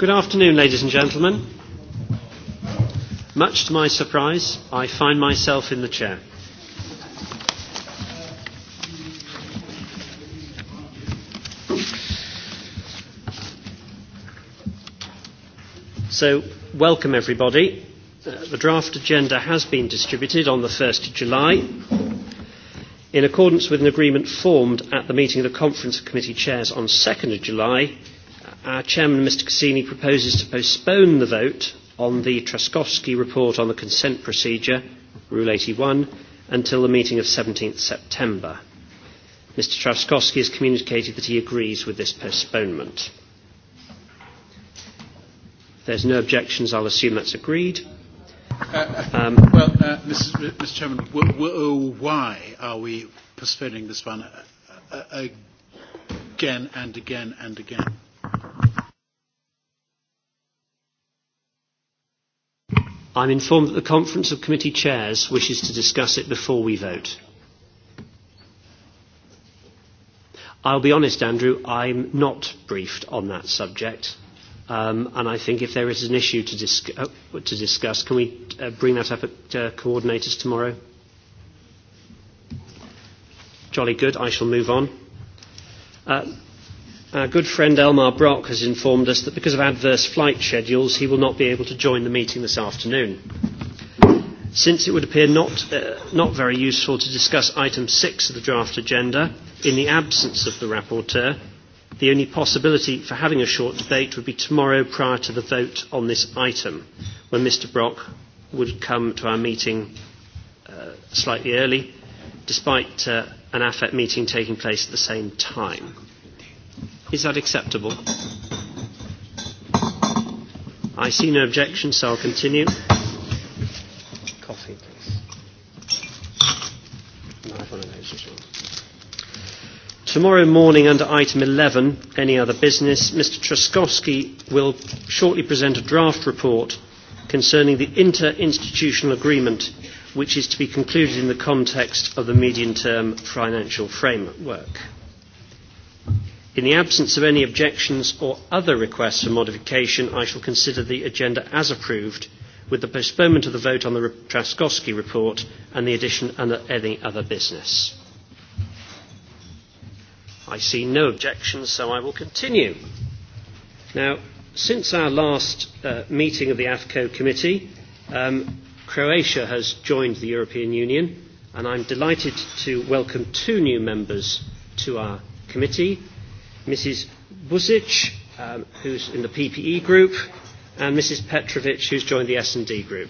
Good afternoon, ladies and gentlemen. Much to my surprise, I find myself in the chair. So, welcome everybody. Uh, the draft agenda has been distributed on the 1st of July. In accordance with an agreement formed at the meeting of the Conference of Committee Chairs on 2nd of July, Our uh, chairman, Mr. Cassini, proposes to postpone the vote on the Traskowski report on the consent procedure, Rule 81, until the meeting of 17th September. Mr. Traskowski has communicated that he agrees with this postponement. If there's no objections, I'll assume that's agreed. Uh, uh um, well, uh, Mr. Uh, Mr. Chairman, w- w- why are we postponing this one uh, uh, again and again and again? I'm informed that the Conference of Committee Chairs wishes to discuss it before we vote. I'll be honest, Andrew, I'm not briefed on that subject. Um, and I think if there is an issue to, dis- uh, to discuss, can we uh, bring that up at uh, coordinators tomorrow? Jolly good. I shall move on. Uh, Our good friend Elmar Brock has informed us that because of adverse flight schedules, he will not be able to join the meeting this afternoon. Since it would appear not, uh, not very useful to discuss item six of the draft agenda in the absence of the rapporteur, the only possibility for having a short debate would be tomorrow prior to the vote on this item, when Mr. Brock would come to our meeting uh, slightly early, despite uh, an AFET meeting taking place at the same time. Is that acceptable? I see no objection, so I'll continue. Coffee, please. No, I've one no of those as well. Tomorrow morning, under item 11, any other business, Mr. Truskowski will shortly present a draft report concerning the interinstitutional agreement which is to be concluded in the context of the medium term financial framework. In the absence of any objections or other requests for modification, I shall consider the agenda as approved, with the postponement of the vote on the Trzaskowski report and the addition under any other business. I see no objections, so I will continue. Now, since our last uh, meeting of the AFCO committee, um, Croatia has joined the European Union, and I'm delighted to welcome two new members to our committee. Mrs. Buzic, um, who's in the PPE group, and Mrs. Petrovic, who's joined the S&D group.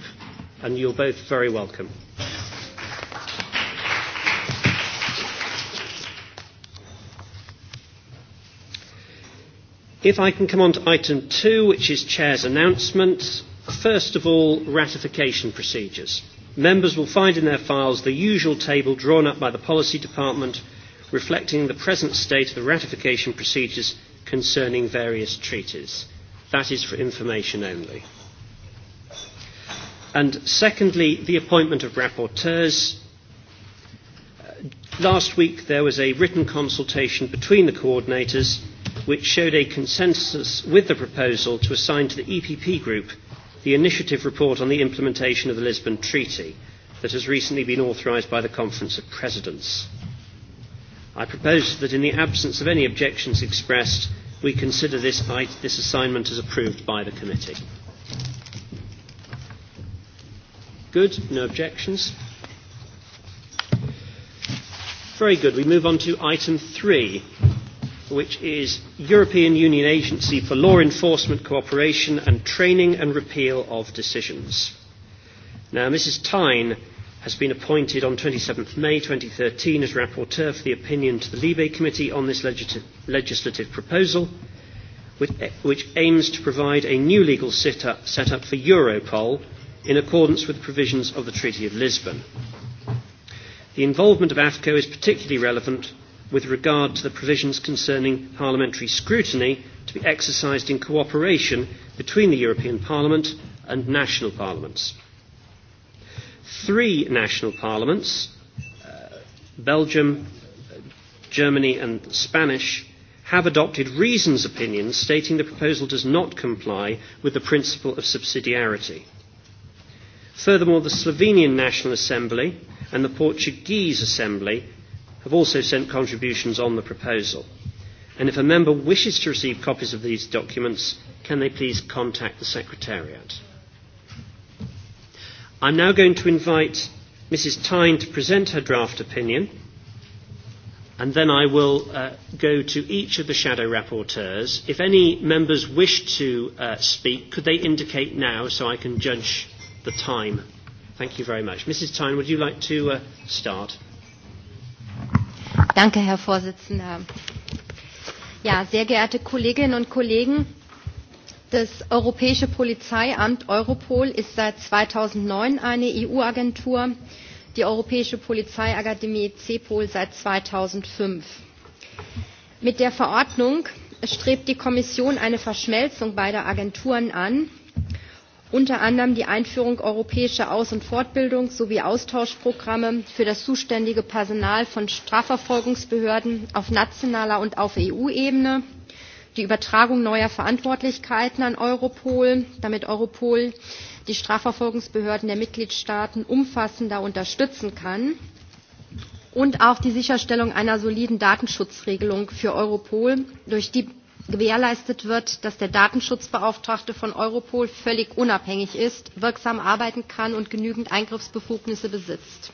And you're both very welcome. If I can come on to item two, which is Chair's announcements. First of all, ratification procedures. Members will find in their files the usual table drawn up by the Policy Department reflecting the present state of the ratification procedures concerning various treaties. That is for information only. And secondly, the appointment of rapporteurs. Uh, last week there was a written consultation between the coordinators which showed a consensus with the proposal to assign to the EPP group the initiative report on the implementation of the Lisbon Treaty that has recently been authorised by the Conference of Presidents. I propose that in the absence of any objections expressed, we consider this, this assignment as approved by the committee. Good, no objections. Very good. We move on to item three, which is European Union Agency for Law Enforcement Cooperation and Training and Repeal of Decisions. Now, Mrs. Tyne has been appointed on 27th May 2013 as rapporteur for the opinion to the Libe Committee on this legislative, legislative proposal, which, which aims to provide a new legal setup, setup for Europol in accordance with the provisions of the Treaty of Lisbon. The involvement of AFCO is particularly relevant with regard to the provisions concerning parliamentary scrutiny to be exercised in cooperation between the European Parliament and national parliaments three national parliaments, uh, Belgium, Germany, and Spanish, have adopted reasons opinions stating the proposal does not comply with the principle of subsidiarity. Furthermore, the Slovenian National Assembly and the Portuguese Assembly have also sent contributions on the proposal. And if a member wishes to receive copies of these documents, can they please contact the Secretariat? I'm now going to invite Mrs. Tyne to present her draft opinion, and then I will uh, go to each of the shadow rapporteurs. If any members wish to uh, speak, could they indicate now so I can judge the time? Thank you very much. Mrs. Tyne, would you like to uh, start? Danke, Herr Vorsitzender. Ja, sehr geehrte Kolleginnen und Kollegen, Das Europäische Polizeiamt Europol ist seit 2009 eine EU-Agentur, die Europäische Polizeiakademie CEPOL seit 2005. Mit der Verordnung strebt die Kommission eine Verschmelzung beider Agenturen an, unter anderem die Einführung europäischer Aus- und Fortbildung sowie Austauschprogramme für das zuständige Personal von Strafverfolgungsbehörden auf nationaler und auf EU-Ebene – die Übertragung neuer Verantwortlichkeiten an Europol, damit Europol die Strafverfolgungsbehörden der Mitgliedstaaten umfassender unterstützen kann und auch die Sicherstellung einer soliden Datenschutzregelung für Europol, durch die gewährleistet wird, dass der Datenschutzbeauftragte von Europol völlig unabhängig ist, wirksam arbeiten kann und genügend Eingriffsbefugnisse besitzt.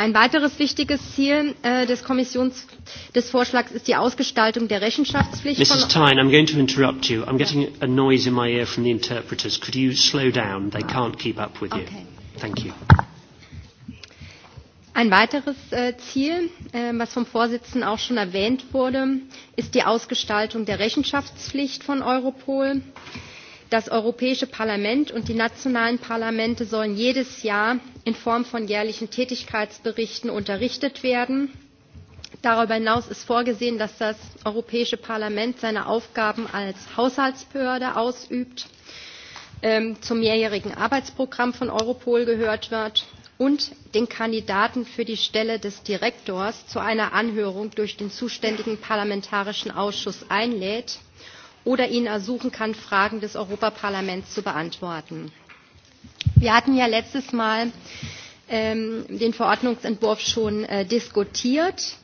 Ein weiteres wichtiges Ziel äh, des Kommissions des Vorschlags ist die Ausgestaltung der Rechenschaftspflicht. Mrs. Tyne, I'm going to interrupt you. I'm getting a noise in my ear from the interpreters. Could you slow down? They ah. can't keep up with you. Okay. Thank you. Ein weiteres äh, Ziel, äh, was vom Vorsitzenden auch schon erwähnt wurde, ist die Ausgestaltung der Rechenschaftspflicht von Europol das europäische parlament und die nationalen parlamente sollen jedes jahr in form von jährlichen tätigkeitsberichten unterrichtet werden. darüber hinaus ist vorgesehen dass das europäische parlament seine aufgaben als haushaltsbehörde ausübt ähm, zum mehrjährigen arbeitsprogramm von europol gehört wird und den kandidaten für die stelle des direktors zu einer anhörung durch den zuständigen parlamentarischen ausschuss einlädt oder ihn ersuchen kann, Fragen des Europaparlaments zu beantworten. Wir hatten ja letztes Mal ähm, den Verordnungsentwurf schon äh, diskutiert.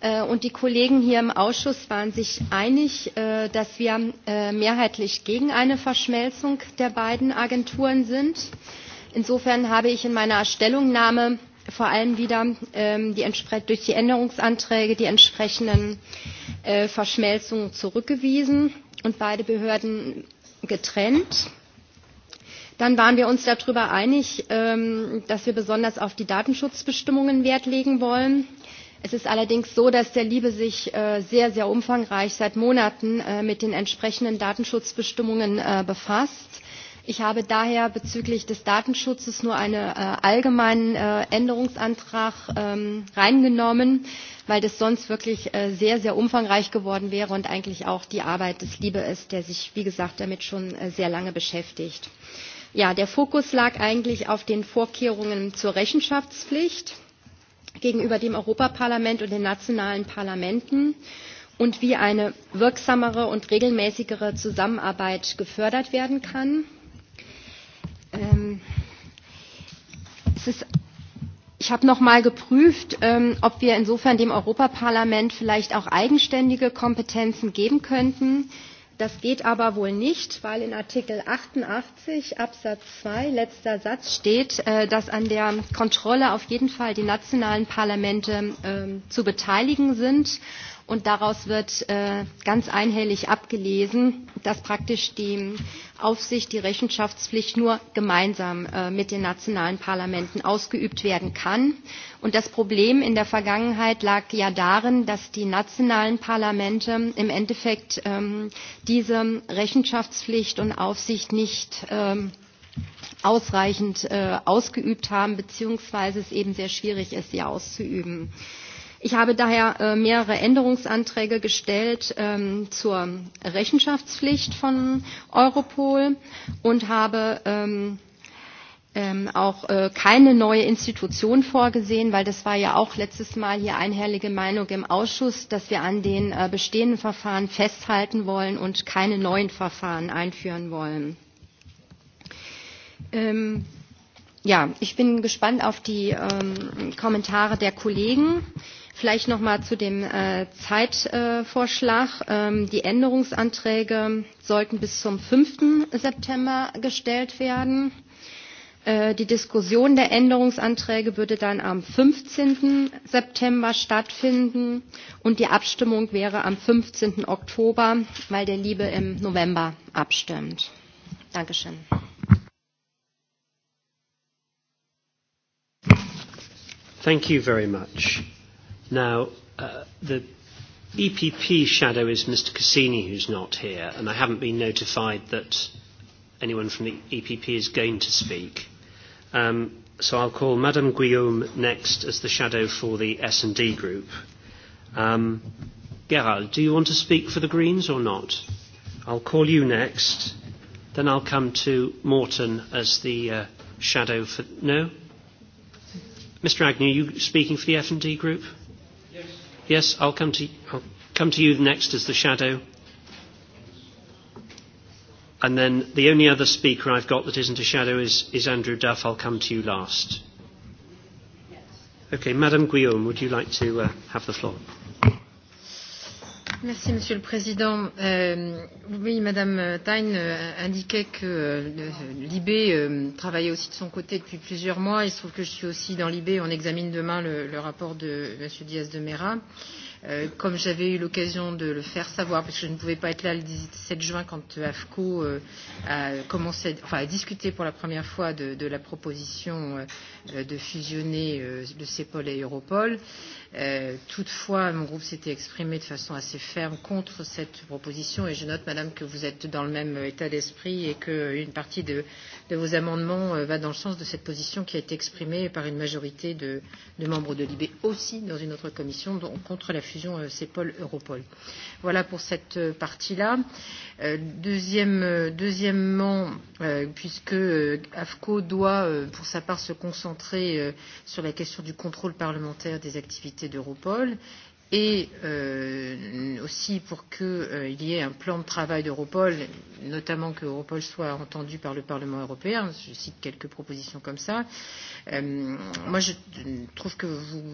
Äh, und die Kollegen hier im Ausschuss waren sich einig, äh, dass wir äh, mehrheitlich gegen eine Verschmelzung der beiden Agenturen sind. Insofern habe ich in meiner Stellungnahme vor allem wieder ähm, die durch die Änderungsanträge die entsprechenden Verschmelzungen zurückgewiesen und beide Behörden getrennt. Dann waren wir uns darüber einig, ähm, dass wir besonders auf die Datenschutzbestimmungen Wert legen wollen. Es ist allerdings so, dass der Liebe sich äh, sehr, sehr umfangreich seit Monaten äh, mit den entsprechenden Datenschutzbestimmungen äh, befasst Ich habe daher bezüglich des Datenschutzes nur einen äh, allgemeinen äh, Änderungsantrag ähm, reingenommen, weil das sonst wirklich äh, sehr, sehr umfangreich geworden wäre und eigentlich auch die Arbeit des Liebe ist, der sich, wie gesagt, damit schon äh, sehr lange beschäftigt. Ja, der Fokus lag eigentlich auf den Vorkehrungen zur Rechenschaftspflicht gegenüber dem Europaparlament und den nationalen Parlamenten und wie eine wirksamere und regelmäßigere Zusammenarbeit gefördert werden kann. ist ich habe noch mal geprüft, ähm, ob wir insofern dem Europaparlament vielleicht auch eigenständige Kompetenzen geben könnten. Das geht aber wohl nicht, weil in Artikel 88 Absatz 2 letzter Satz steht, äh, dass an der Kontrolle auf jeden Fall die nationalen Parlamente äh, zu beteiligen sind. Und daraus wird äh, ganz einhellig abgelesen, dass praktisch die Aufsicht, die Rechenschaftspflicht nur gemeinsam äh, mit den nationalen Parlamenten ausgeübt werden kann. Und das Problem in der Vergangenheit lag ja darin, dass die nationalen Parlamente im Endeffekt ähm, diese Rechenschaftspflicht und Aufsicht nicht ähm, ausreichend äh, ausgeübt haben, beziehungsweise es eben sehr schwierig ist, sie auszuüben. Ich habe daher äh, mehrere Änderungsanträge gestellt ähm, zur Rechenschaftspflicht von Europol und habe ähm, ähm, auch äh, keine neue Institution vorgesehen, weil das war ja auch letztes Mal hier einhellige Meinung im Ausschuss, dass wir an den äh, bestehenden Verfahren festhalten wollen und keine neuen Verfahren einführen wollen. Ähm, ja, ich bin gespannt auf die ähm, Kommentare der Kollegen. Vielleicht noch mal zu dem äh, Zeitvorschlag. Äh, ähm, die Änderungsanträge sollten bis zum 5. September gestellt werden. Äh, die Diskussion der Änderungsanträge würde dann am 15. September stattfinden und die Abstimmung wäre am 15. Oktober, weil der Liebe im November abstimmt. Dankeschön. Thank you very much. Now, uh, the EPP shadow is Mr. Cassini, who's not here, and I haven't been notified that anyone from the EPP is going to speak. Um, so I'll call Madame Guillaume next as the shadow for the S&D group. Um, Gerald, do you want to speak for the Greens or not? I'll call you next. Then I'll come to Morton as the uh, shadow for... No? Mr Agnew, are you speaking for the F&D group? Yes, I'll come to, I'll come to you next as the shadow. And then the only other speaker I've got that isn't a shadow is, is Andrew Duff. I'll come to you last. Okay, Madame Guillaume, would you like to uh, have the floor? Merci, Monsieur le Président. Euh, oui, Madame Tyne euh, indiquait que euh, l'IB euh, travaillait aussi de son côté depuis plusieurs mois. Il se trouve que je suis aussi dans l'IB. On examine demain le, le rapport de Monsieur Diaz de Mera. Euh, comme j'avais eu l'occasion de le faire savoir, parce que je ne pouvais pas être là le 17 juin quand euh, AFCO euh, a, commencé, enfin, a discuté pour la première fois de, de la proposition euh, Euh, de fusionner le euh, CEPOL et Europol. Euh, toutefois, mon groupe s'était exprimé de façon assez ferme contre cette proposition et je note, Madame, que vous êtes dans le même état d'esprit et qu'une partie de, de vos amendements va dans le sens de cette position qui a été exprimée par une majorité de, de membres de l'IB aussi dans une autre commission donc, contre la fusion CEPOL-Europol. Voilà pour cette partie-là. Deuxième, deuxièmement, puisque AFCO doit pour sa part se concentrer concentré euh, sur la question du contrôle parlementaire des activités d'Europol et euh, aussi pour qu'il euh, y ait un plan de travail d'Europol, notamment que Europol soit entendu par le Parlement européen. Je cite quelques propositions comme ça. Euh, moi, je trouve que vous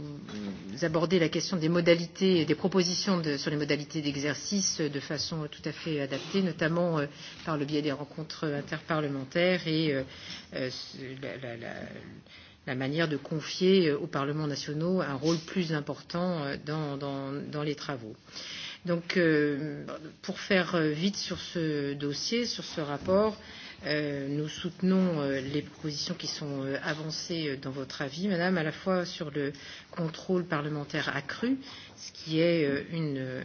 abordez la question des modalités, des propositions de, sur les modalités d'exercice de façon tout à fait adaptée, notamment euh, par le biais des rencontres interparlementaires et euh, euh la, la, la la manière de confier euh, aux parlements nationaux un rôle plus important euh, dans, dans, dans les travaux. Donc, euh, pour faire euh, vite sur ce dossier, sur ce rapport, euh, nous soutenons euh, les propositions qui sont euh, avancées euh, dans votre avis, Madame, à la fois sur le contrôle parlementaire accru, ce qui est euh, une. Euh,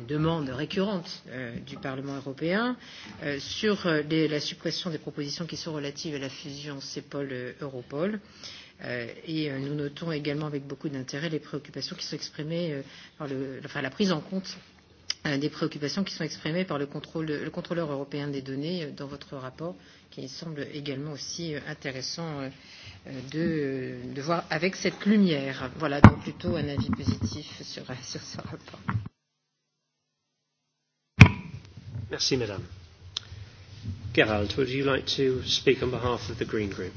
une demande récurrente euh, du Parlement européen euh, sur les, euh, la suppression des propositions qui sont relatives à la fusion CEPOL-Europol. Euh, et euh, nous notons également avec beaucoup d'intérêt les préoccupations qui sont exprimées euh, par le, enfin, la prise en compte euh, des préoccupations qui sont exprimées par le, contrôle, le contrôleur européen des données euh, dans votre rapport, qui semble également aussi euh, intéressant euh, euh de, de voir avec cette lumière. Voilà donc plutôt un avis positif sur, sur ce rapport. Merci, madame. Gerald, would you like to speak on behalf of the Green Group?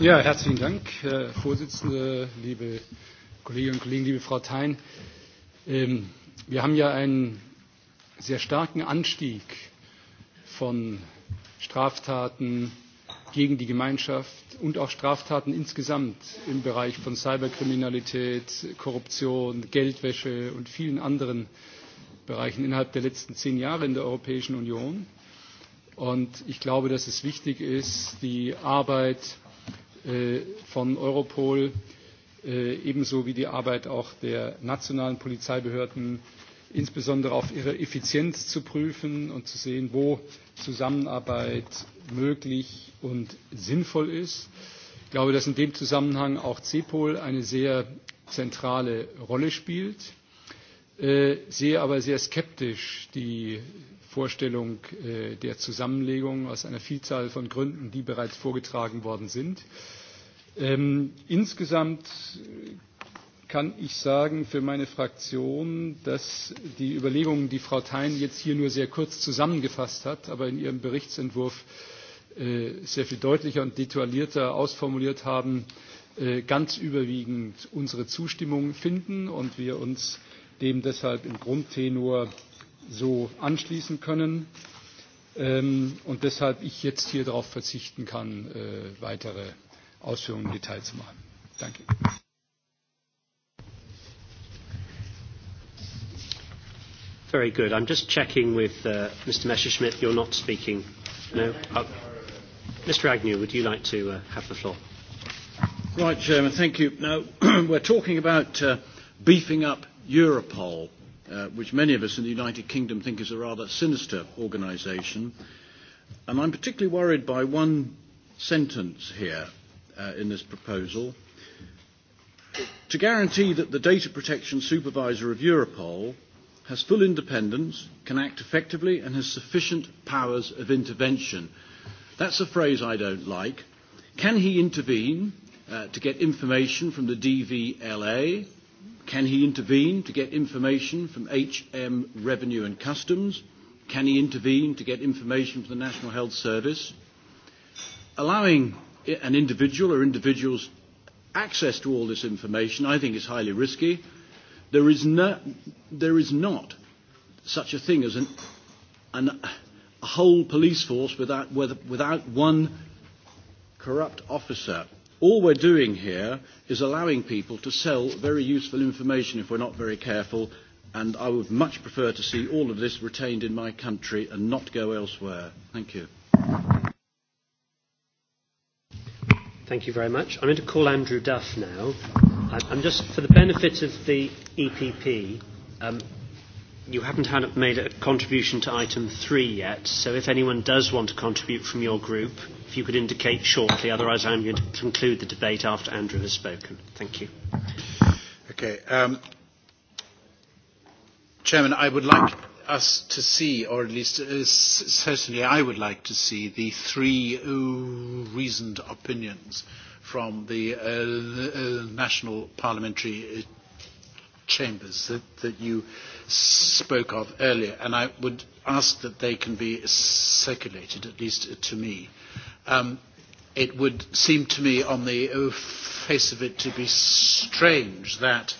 Ja, herzlichen Dank, Herr Vorsitzender, liebe Kolleginnen und Kollegen, liebe Frau Thein. Ähm, wir haben ja einen sehr starken Anstieg von Straftaten gegen die Gemeinschaft und auch Straftaten insgesamt im Bereich von Cyberkriminalität, Korruption, Geldwäsche und vielen anderen äh, Bereichen innerhalb der letzten zehn Jahre in der Europäischen Union. Und ich glaube, dass es wichtig ist, die Arbeit äh, von Europol äh, ebenso wie die Arbeit auch der nationalen Polizeibehörden insbesondere auf ihre Effizienz zu prüfen und zu sehen, wo Zusammenarbeit möglich und sinnvoll ist. Ich glaube, dass in dem Zusammenhang auch CEPOL eine sehr zentrale Rolle spielt. Äh, sehe aber sehr skeptisch die Vorstellung äh, der Zusammenlegung aus einer Vielzahl von Gründen, die bereits vorgetragen worden sind. Ähm, insgesamt äh, kann ich sagen für meine Fraktion, dass die Überlegungen, die Frau Thein jetzt hier nur sehr kurz zusammengefasst hat, aber in ihrem Berichtsentwurf sehr viel deutlicher und detaillierter ausformuliert haben, ganz überwiegend unsere Zustimmung finden und wir uns dem deshalb im Grundtenor so anschließen können ähm, und deshalb ich jetzt hier darauf verzichten kann, äh, weitere Ausführungen im Detail zu machen. Danke. Very good. I'm just checking with uh, Mr. Messerschmidt. You're not speaking. No. Uh, Mr. Agnew, would you like to uh, have the floor? Right, Chairman. Thank you. Now, we're talking about uh, beefing up Europol, uh, which many of us in the United Kingdom think is a rather sinister organisation. And I'm particularly worried by one sentence here uh, in this proposal. To guarantee that the data protection supervisor of Europol has full independence, can act effectively, and has sufficient powers of intervention. That's a phrase I don't like. Can he intervene uh, to get information from the DVLA? Can he intervene to get information from HM Revenue and Customs? Can he intervene to get information from the National Health Service? Allowing an individual or individuals access to all this information, I think, is highly risky. There is, no, there is not such a thing as an, an, a whole police force without, without one corrupt officer All we're doing here is allowing people to sell very useful information if we're not very careful, and I would much prefer to see all of this retained in my country and not go elsewhere. Thank you. Thank you very much. I'm going to call Andrew Duff now. I'm just, for the benefit of the EPP, um, you haven't had, made a contribution to item three yet, so if anyone does want to contribute from your group, if you could indicate shortly, otherwise I'm going to conclude the debate after Andrew has spoken. Thank you. Okay. Um, Chairman, I would like us to see, or at least uh, certainly I would like to see, the three uh, reasoned opinions from the uh, uh, national parliamentary uh, chambers that, that you spoke of earlier, and I would ask that they can be circulated, at least uh, to me. Um, it would seem to me, on the face of it, to be strange that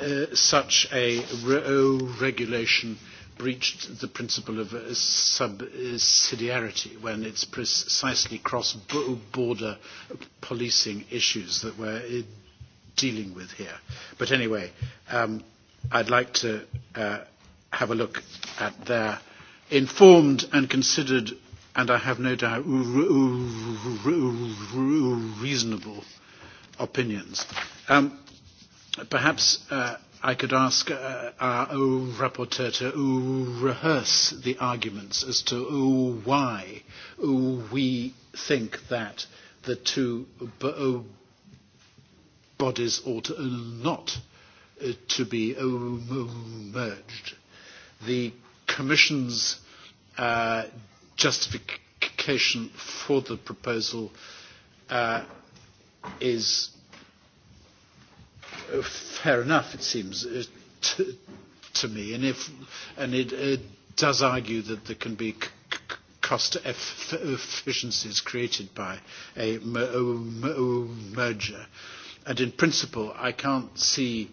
uh, such a re regulation breached the principle of uh, subsidiarity when it's precisely cross-border policing issues that we're uh, dealing with here. But anyway, um, I'd like to uh, have a look at their informed and considered and I have no doubt reasonable opinions. Um, perhaps uh, I could ask uh, our rapporteur to rehearse the arguments as to why we think that the two uh, bodies ought not uh, to be uh, merged. The Commission's uh, justification for the proposal uh, is uh, fair enough, it seems, uh, to, to me. And, if, and it uh, does argue that there can be cost eff- efficiencies created by a merger. And in principle, I can't see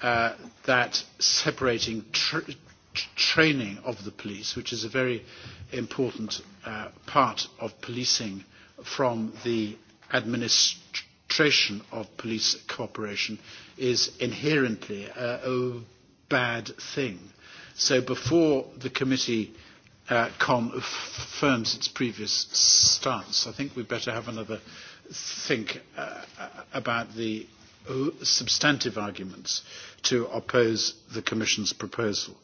uh, that separating tr- training of the police, which is a very important uh, part of policing from the administration of police cooperation, is inherently a, a bad thing. So before the committee uh, confirms its previous stance, I think we better have another think uh, about the substantive arguments to oppose the Commission's proposal.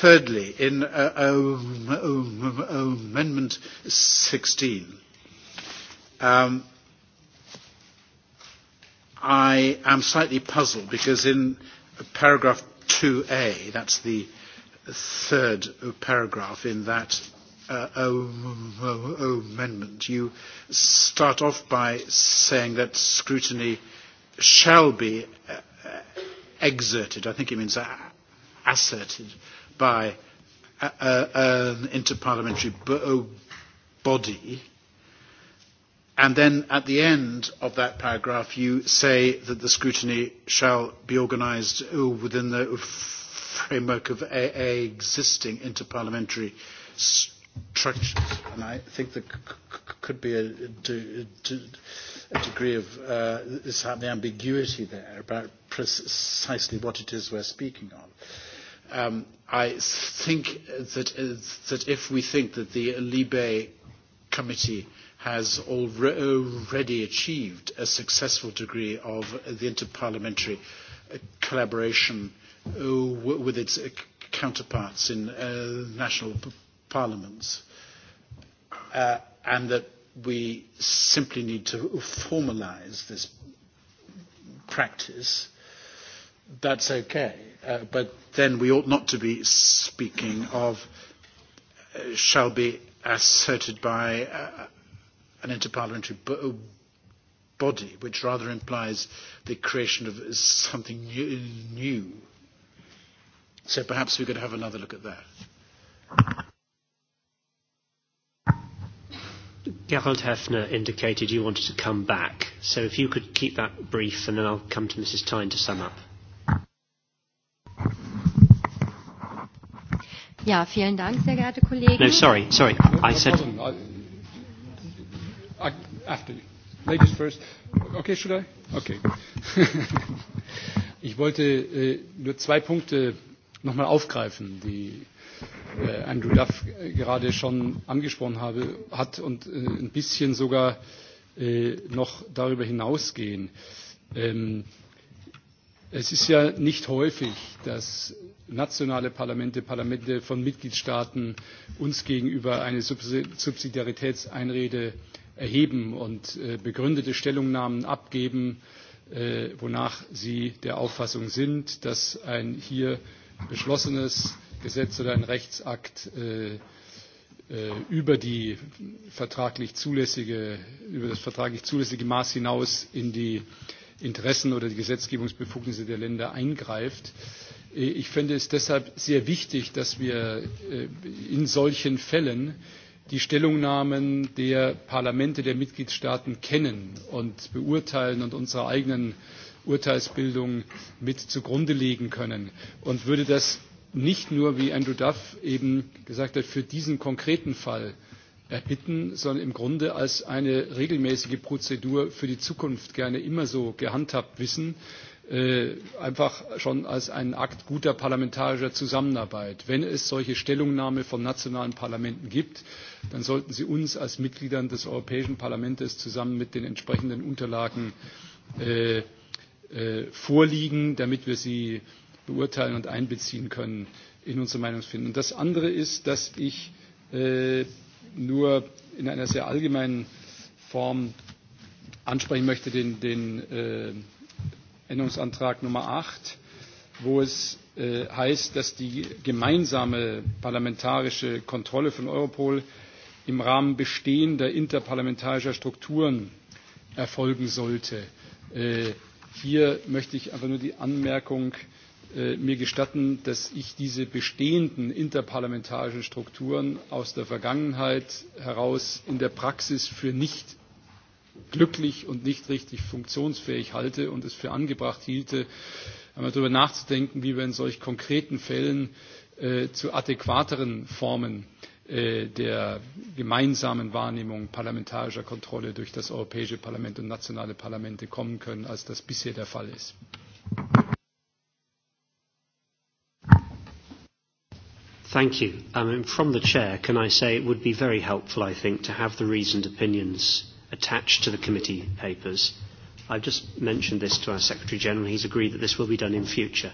Thirdly, in uh, um, um, um, Amendment 16, um, I am slightly puzzled because in paragraph 2A, that's the third paragraph in that uh, um, um, amendment. You start off by saying that scrutiny shall be uh, uh exerted, I think it means uh, asserted, by uh, an interparliamentary body. And then at the end of that paragraph, you say that the scrutiny shall be organized within the framework of a, a existing interparliamentary st- structures. And I think there could be a, de a degree of uh, this ambiguity there about precisely what it is we're speaking of. Um, I think that, uh, that if we think that the Libe committee has already achieved a successful degree of the interparliamentary uh, collaboration uh, with its uh, counterparts in uh, national parliaments, uh, and that we simply need to formalize this practice, that's okay. Uh, but then we ought not to be speaking of uh, shall be asserted by uh, an interparliamentary bo body, which rather implies the creation of something new. So perhaps we could have another look at that. Gerald Hefner indicated you wanted to come back, so if you could keep that brief, and then I'll come to Mrs. Tyne to sum up. Ja, vielen Dank, sehr geehrte Kollegen. No, sorry, sorry. No, no I said. I, I, after you. Ladies first. Okay, should I? Okay. ich wollte äh, nur zwei Punkte nochmal aufgreifen, die Äh, Andrew Duff gerade schon angesprochen habe, hat und äh, ein bisschen sogar äh, noch darüber hinausgehen. Ähm, es ist ja nicht häufig, dass nationale Parlamente, Parlamente von Mitgliedstaaten uns gegenüber eine Subsidiaritätseinrede erheben und äh, begründete Stellungnahmen abgeben, äh, wonach sie der Auffassung sind, dass ein hier beschlossenes Gesetz oder ein Rechtsakt äh, äh, über die vertraglich zulässige, über das vertraglich zulässige Maß hinaus in die Interessen oder die Gesetzgebungsbefugnisse der Länder eingreift. Äh, ich fände es deshalb sehr wichtig, dass wir äh, in solchen Fällen die Stellungnahmen der Parlamente der Mitgliedstaaten kennen und beurteilen und unsere eigenen Urteilsbildung mit zugrunde legen können und würde das nicht nur, wie Andrew Duff eben gesagt hat, für diesen konkreten Fall erbitten, sondern im Grunde als eine regelmäßige Prozedur für die Zukunft gerne immer so gehandhabt wissen, äh, einfach schon als einen Akt guter parlamentarischer Zusammenarbeit. Wenn es solche Stellungnahme von nationalen Parlamenten gibt, dann sollten sie uns als Mitgliedern des Europäischen Parlaments zusammen mit den entsprechenden Unterlagen äh, äh, vorliegen, damit wir sie beurteilen und einbeziehen können in unsere Meinungsfindung. das andere ist, dass ich äh, nur in einer sehr allgemeinen Form ansprechen möchte den, den äh, Änderungsantrag Nummer 8, wo es äh, heißt, dass die gemeinsame parlamentarische Kontrolle von Europol im Rahmen bestehender interparlamentarischer Strukturen erfolgen sollte. Äh, hier möchte ich einfach nur die Anmerkung äh, Äh, mir gestatten, dass ich diese bestehenden interparlamentarischen Strukturen aus der Vergangenheit heraus in der Praxis für nicht glücklich und nicht richtig funktionsfähig halte und es für angebracht hielte, einmal darüber nachzudenken, wie wir in solch konkreten Fällen äh, zu adäquateren Formen äh, der gemeinsamen Wahrnehmung parlamentarischer Kontrolle durch das Europäische Parlament und nationale Parlamente kommen können, als das bisher der Fall ist. Thank you. I um, mean, from the chair, can I say it would be very helpful, I think, to have the reasoned opinions attached to the committee papers. I've just mentioned this to our Secretary General. He's agreed that this will be done in future.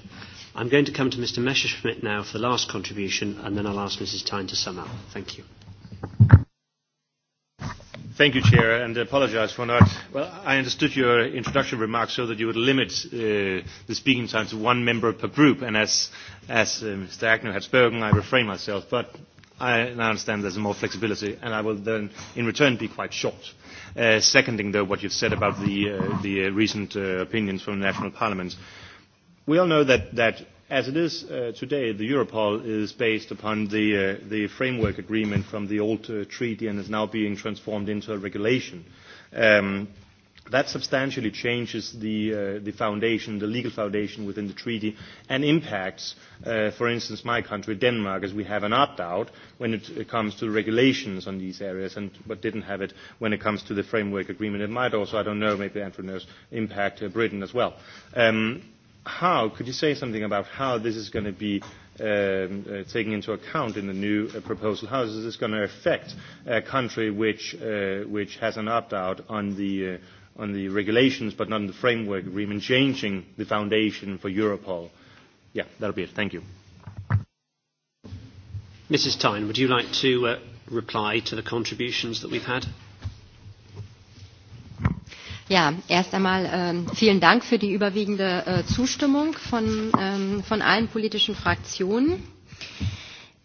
I'm going to come to Mr. Messerschmidt now for the last contribution, and then I'll ask Mrs. Tyne to sum up. Thank you. Thank you, Chair, and I apologize for not. Well, I understood your introduction remarks so that you would limit uh, the speaking time to one member per group, and as, as uh, Mr. Agnew had spoken, I refrain myself, but I now understand there's more flexibility, and I will then, in return, be quite short. Uh, seconding, though, what you've said about the, uh, the uh, recent uh, opinions from the national parliaments, we all know that, that As it is uh, today, the Europol is based upon the, uh, the framework agreement from the old uh, treaty and is now being transformed into a regulation. Um, that substantially changes the, uh, the foundation, the legal foundation within the treaty, and impacts, uh, for instance, my country, Denmark, as we have an opt-out when it comes to regulations on these areas, and, but didn't have it when it comes to the framework agreement. It might also, I don't know, maybe Andrew knows, impact uh, Britain as well. Um, how, could you say something about how this is going to be um, uh, taken into account in the new uh, proposal? How is this going to affect a country which, uh, which has an opt-out on the, uh, on the regulations but not on the framework agreement, changing the foundation for Europol? Yeah, that'll be it. Thank you. Mrs. Tyne, would you like to uh, reply to the contributions that we've had? Ja, erst einmal äh, vielen Dank für die überwiegende äh, Zustimmung von, ähm, von allen politischen Fraktionen.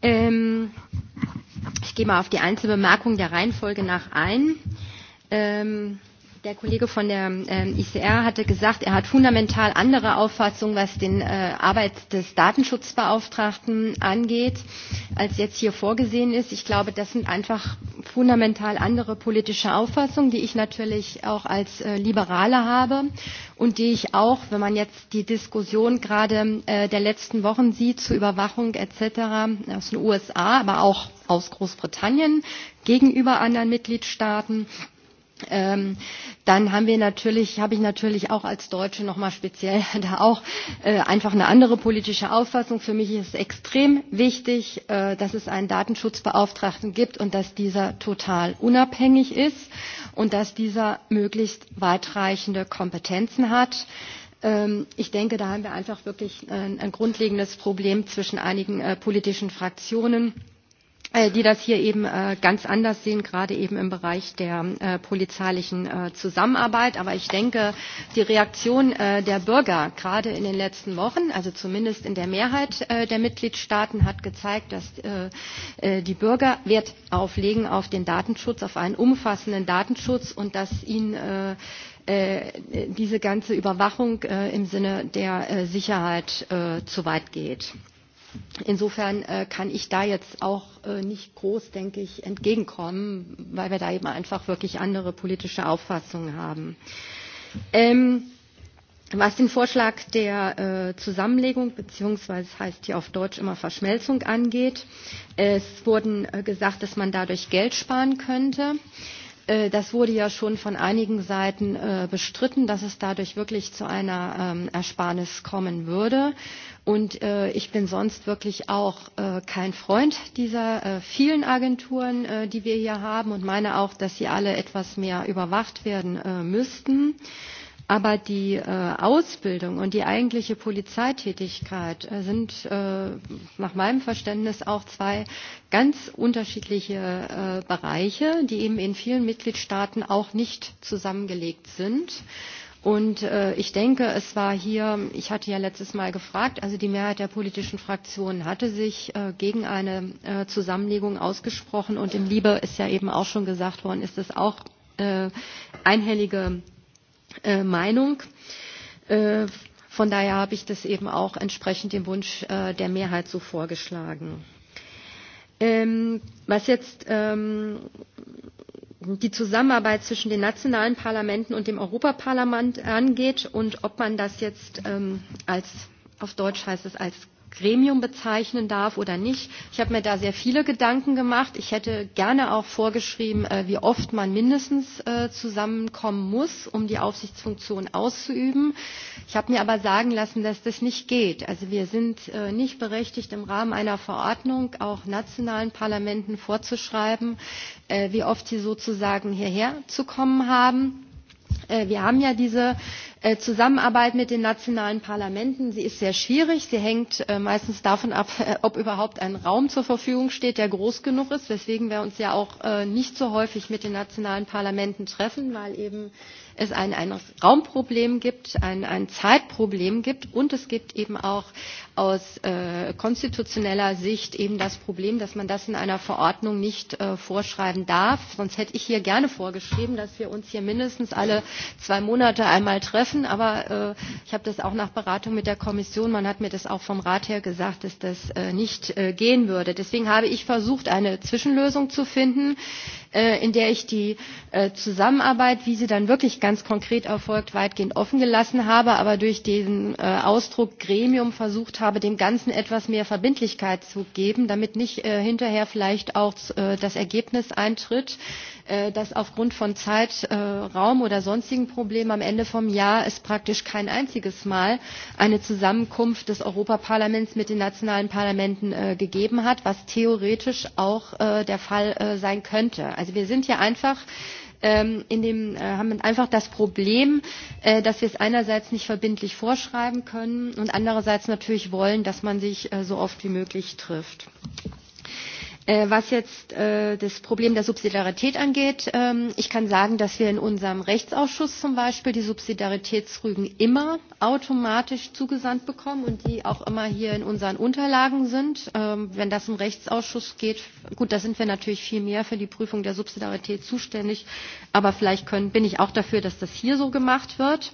Ähm, ich gehe mal auf die Einzelbemerkung der Reihenfolge nach ein. Ähm, Der Kollege von der ähm, ICR hatte gesagt, er hat fundamental andere Auffassungen, was den äh, Arbeit des Datenschutzbeauftragten angeht, als jetzt hier vorgesehen ist. Ich glaube, das sind einfach fundamental andere politische Auffassungen, die ich natürlich auch als äh, Liberale habe und die ich auch, wenn man jetzt die Diskussion gerade äh, der letzten Wochen sieht zur Überwachung etc. aus den USA, aber auch aus Großbritannien gegenüber anderen Mitgliedstaaten, Ähm, dann haben wir natürlich, habe ich natürlich auch als Deutsche nochmal speziell da auch äh, einfach eine andere politische Auffassung. Für mich ist es extrem wichtig, äh, dass es einen Datenschutzbeauftragten gibt und dass dieser total unabhängig ist und dass dieser möglichst weitreichende Kompetenzen hat. Ähm, Ich denke, da haben wir einfach wirklich ein, ein grundlegendes Problem zwischen einigen äh, politischen Fraktionen Äh, die das hier eben äh, ganz anders sehen, gerade eben im Bereich der äh, polizeilichen Zusammenarbeit. Aber ich denke, die Reaktion der Bürger gerade in den letzten Wochen, also zumindest in der Mehrheit der Mitgliedstaaten, hat gezeigt, dass die Bürger Wert auflegen auf den Datenschutz, auf einen umfassenden Datenschutz und dass ihnen diese ganze Überwachung im Sinne der Sicherheit zu weit geht. Insofern äh, kann ich da jetzt auch äh, nicht groß, denke ich, entgegenkommen, weil wir da eben einfach wirklich andere politische Auffassungen haben. Ähm, was den Vorschlag der äh, Zusammenlegung beziehungsweise heißt hier auf Deutsch immer Verschmelzung angeht, es wurden äh, gesagt, dass man dadurch Geld sparen könnte. Äh, das wurde ja schon von einigen Seiten äh, bestritten, dass es dadurch wirklich zu einer ähm, Ersparnis kommen würde. Und äh, ich bin sonst wirklich auch äh, kein Freund dieser äh, vielen Agenturen, äh, die wir hier haben und meine auch, dass sie alle etwas mehr überwacht werden äh, müssten. Aber die äh, Ausbildung und die eigentliche Polizeitätigkeit äh, sind äh, nach meinem Verständnis auch zwei ganz unterschiedliche äh, Bereiche, die eben in vielen Mitgliedstaaten auch nicht zusammengelegt sind. Und äh, ich denke, es war hier, ich hatte ja letztes Mal gefragt, also die Mehrheit der politischen Fraktionen hatte sich äh, gegen eine äh, Zusammenlegung ausgesprochen. Und in Liebe ist ja eben auch schon gesagt worden, ist das auch äh, einhellige äh, Meinung. Äh, von daher habe ich das eben auch entsprechend dem Wunsch äh, der Mehrheit so vorgeschlagen. Ähm, was jetzt ähm, die Zusammenarbeit zwischen den nationalen Parlamenten und dem Europaparlament angeht und ob man das jetzt ähm, als auf Deutsch heißt es als Gremium bezeichnen darf oder nicht. Ich habe mir da sehr viele Gedanken gemacht. Ich hätte gerne auch vorgeschrieben, äh, wie oft man mindestens äh, zusammenkommen muss, um die Aufsichtsfunktion auszuüben. Ich habe mir aber sagen lassen, dass das nicht geht. Also wir sind äh, nicht berechtigt, im Rahmen einer Verordnung auch nationalen Parlamenten vorzuschreiben, wie oft sie sozusagen hierher zu kommen haben. Äh, wir haben ja diese äh, Zusammenarbeit mit den nationalen Parlamenten. Sie ist sehr schwierig. Sie hängt äh, meistens davon ab, ob überhaupt ein Raum zur Verfügung steht, der groß genug ist, weswegen wir uns ja auch nicht so häufig mit den nationalen Parlamenten treffen, weil eben es ein, ein Raumproblem gibt, ein, ein Zeitproblem gibt und es gibt eben auch aus äh, konstitutioneller Sicht eben das Problem, dass man das in einer Verordnung nicht äh, vorschreiben darf. Sonst hätte ich hier gerne vorgeschrieben, dass wir uns hier mindestens alle zwei Monate einmal treffen. Aber äh, ich habe das auch nach Beratung mit der Kommission, man hat mir das auch vom Rat her gesagt, dass das äh, nicht äh, gehen würde. Deswegen habe ich versucht, eine Zwischenlösung zu finden, äh, in der ich die äh, Zusammenarbeit, wie sie dann wirklich ganz konkret erfolgt, weitgehend offen gelassen habe, aber durch den äh, Ausdruck Gremium versucht habe, Aufgabe, dem Ganzen etwas mehr Verbindlichkeit zu geben, damit nicht äh, hinterher vielleicht auch äh, das Ergebnis eintritt, äh, dass aufgrund von Zeit, äh, Raum oder sonstigen Problemen am Ende vom Jahr es praktisch kein einziges Mal eine Zusammenkunft des Europaparlaments mit den nationalen Parlamenten äh, gegeben hat, was theoretisch auch äh, der Fall äh, sein könnte. Also wir sind hier einfach ähm, in dem, äh, haben einfach das Problem, äh, dass wir es einerseits nicht verbindlich vorschreiben können und andererseits natürlich wollen, dass man sich äh, so oft wie möglich trifft. Äh, was jetzt äh, das Problem der Subsidiarität angeht, ähm, ich kann sagen, dass wir in unserem Rechtsausschuss zum Beispiel die Subsidiaritätsrügen immer automatisch zugesandt bekommen und die auch immer hier in unseren Unterlagen sind. Ähm, wenn das im Rechtsausschuss geht, gut, da sind wir natürlich viel mehr für die Prüfung der Subsidiarität zuständig, aber vielleicht können, bin ich auch dafür, dass das hier so gemacht wird.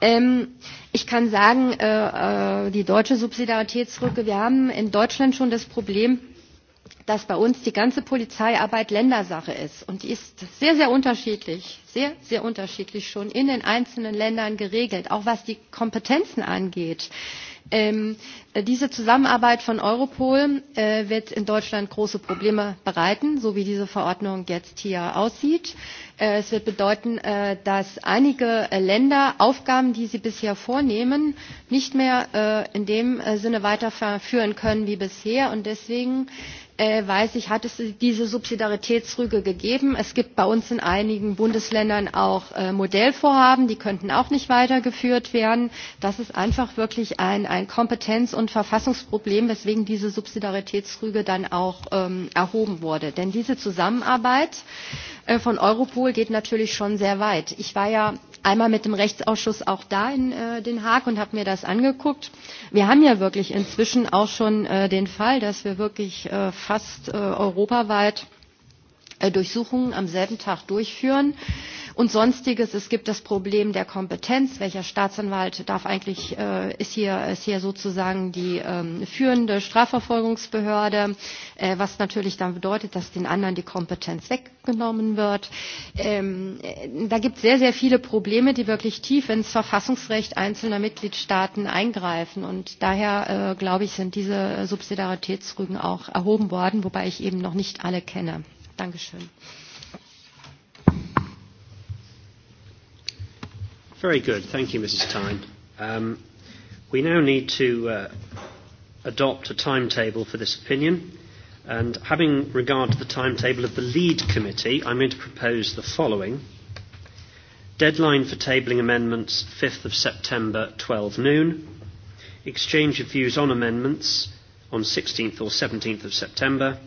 Ähm, ich kann sagen, äh, äh, die deutsche Subsidiaritätsrücke, wir haben in Deutschland schon das Problem, dass bei uns die ganze polizeiarbeit ländersache ist und die ist sehr sehr unterschiedlich sehr sehr unterschiedlich schon in den einzelnen ländern geregelt auch was die kompetenzen angeht. Ähm, diese zusammenarbeit von europol äh, wird in deutschland große probleme bereiten so wie diese verordnung jetzt hier aussieht. Äh, es wird bedeuten äh, dass einige äh, länder aufgaben die sie bisher vornehmen nicht mehr äh, in dem äh, sinne weiterführen können wie bisher und deswegen Äh, weiß ich, hat es diese Subsidiaritätsrüge gegeben. Es gibt bei uns in einigen Bundesländern auch äh, Modellvorhaben, die könnten auch nicht weitergeführt werden. Das ist einfach wirklich ein, ein Kompetenz- und Verfassungsproblem, weswegen diese Subsidiaritätsrüge dann auch ähm, erhoben wurde. Denn diese Zusammenarbeit äh, Äh, von Europol geht natürlich schon sehr weit. Ich war ja einmal mit dem Rechtsausschuss auch da in äh, Den Haag und habe mir das angeguckt. Wir haben ja wirklich inzwischen auch schon äh, den Fall, dass wir wirklich äh, fast äh, europaweit äh, Durchsuchungen am selben Tag durchführen. Äh, und Sonstiges. Es gibt das Problem der Kompetenz. Welcher Staatsanwalt darf eigentlich, äh, ist, hier, ist hier sozusagen die ähm, führende Strafverfolgungsbehörde, äh, was natürlich dann bedeutet, dass den anderen die Kompetenz weggenommen wird. Ähm, äh, da gibt es sehr, sehr viele Probleme, die wirklich tief ins Verfassungsrecht einzelner Mitgliedstaaten eingreifen. Und daher, äh, glaube ich, sind diese Subsidiaritätsrügen auch erhoben worden, wobei ich eben noch nicht alle kenne. Dankeschön. Very good. Thank you, Mrs. Tyne. Um, we now need to uh, adopt a timetable for this opinion. And having regard to the timetable of the lead committee, I'm going to propose the following. Deadline for tabling amendments 5th of September, 12 noon. Exchange of views on amendments on 16th or 17th of September,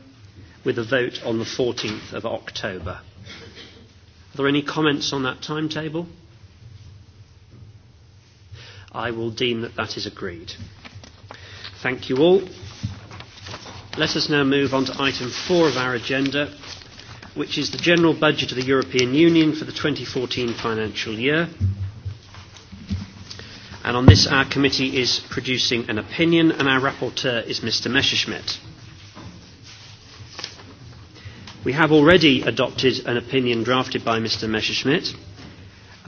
with a vote on the 14th of October. Are there any comments on that timetable? I will deem that that is agreed. Thank you all. Let us now move on to item four of our agenda, which is the general budget of the European Union for the 2014 financial year. And on this, our committee is producing an opinion, and our rapporteur is Mr. Messerschmidt. We have already adopted an opinion drafted by Mr. Messerschmidt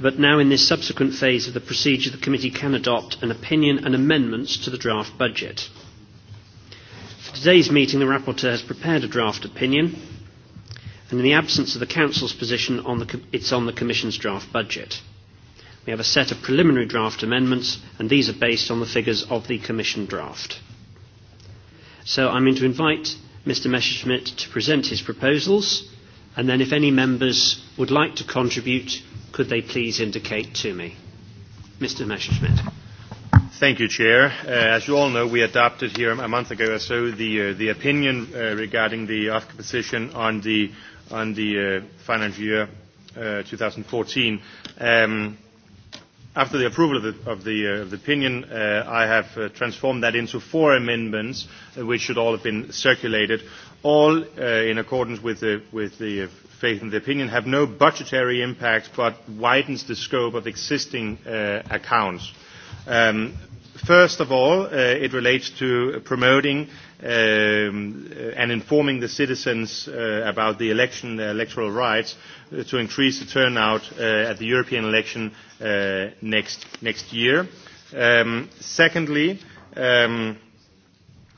but now in this subsequent phase of the procedure, the committee can adopt an opinion and amendments to the draft budget. For today's meeting, the rapporteur has prepared a draft opinion, and in the absence of the council's position, on the, it's on the commission's draft budget. We have a set of preliminary draft amendments, and these are based on the figures of the commission draft. So I'm going to invite Mr. Messerschmidt to present his proposals, and then if any members would like to contribute, could they please indicate to me? Mr. Messerschmidt. Thank you, Chair. Uh, as you all know, we adopted here a month ago or so the, uh, the opinion uh, regarding the OFCA position on the, on the uh, financial year uh, 2014. Um, after the approval of the, of the, uh, of the opinion, uh, I have uh, transformed that into four amendments, uh, which should all have been circulated, all uh, in accordance with the, with the uh, faith and the opinion have no budgetary impact but widens the scope of existing uh, accounts. Um, first of all, uh, it relates to promoting um, uh, and informing the citizens uh, about the election, the electoral rights, uh, to increase the turnout uh, at the European election uh, next, next year. Um, secondly, um,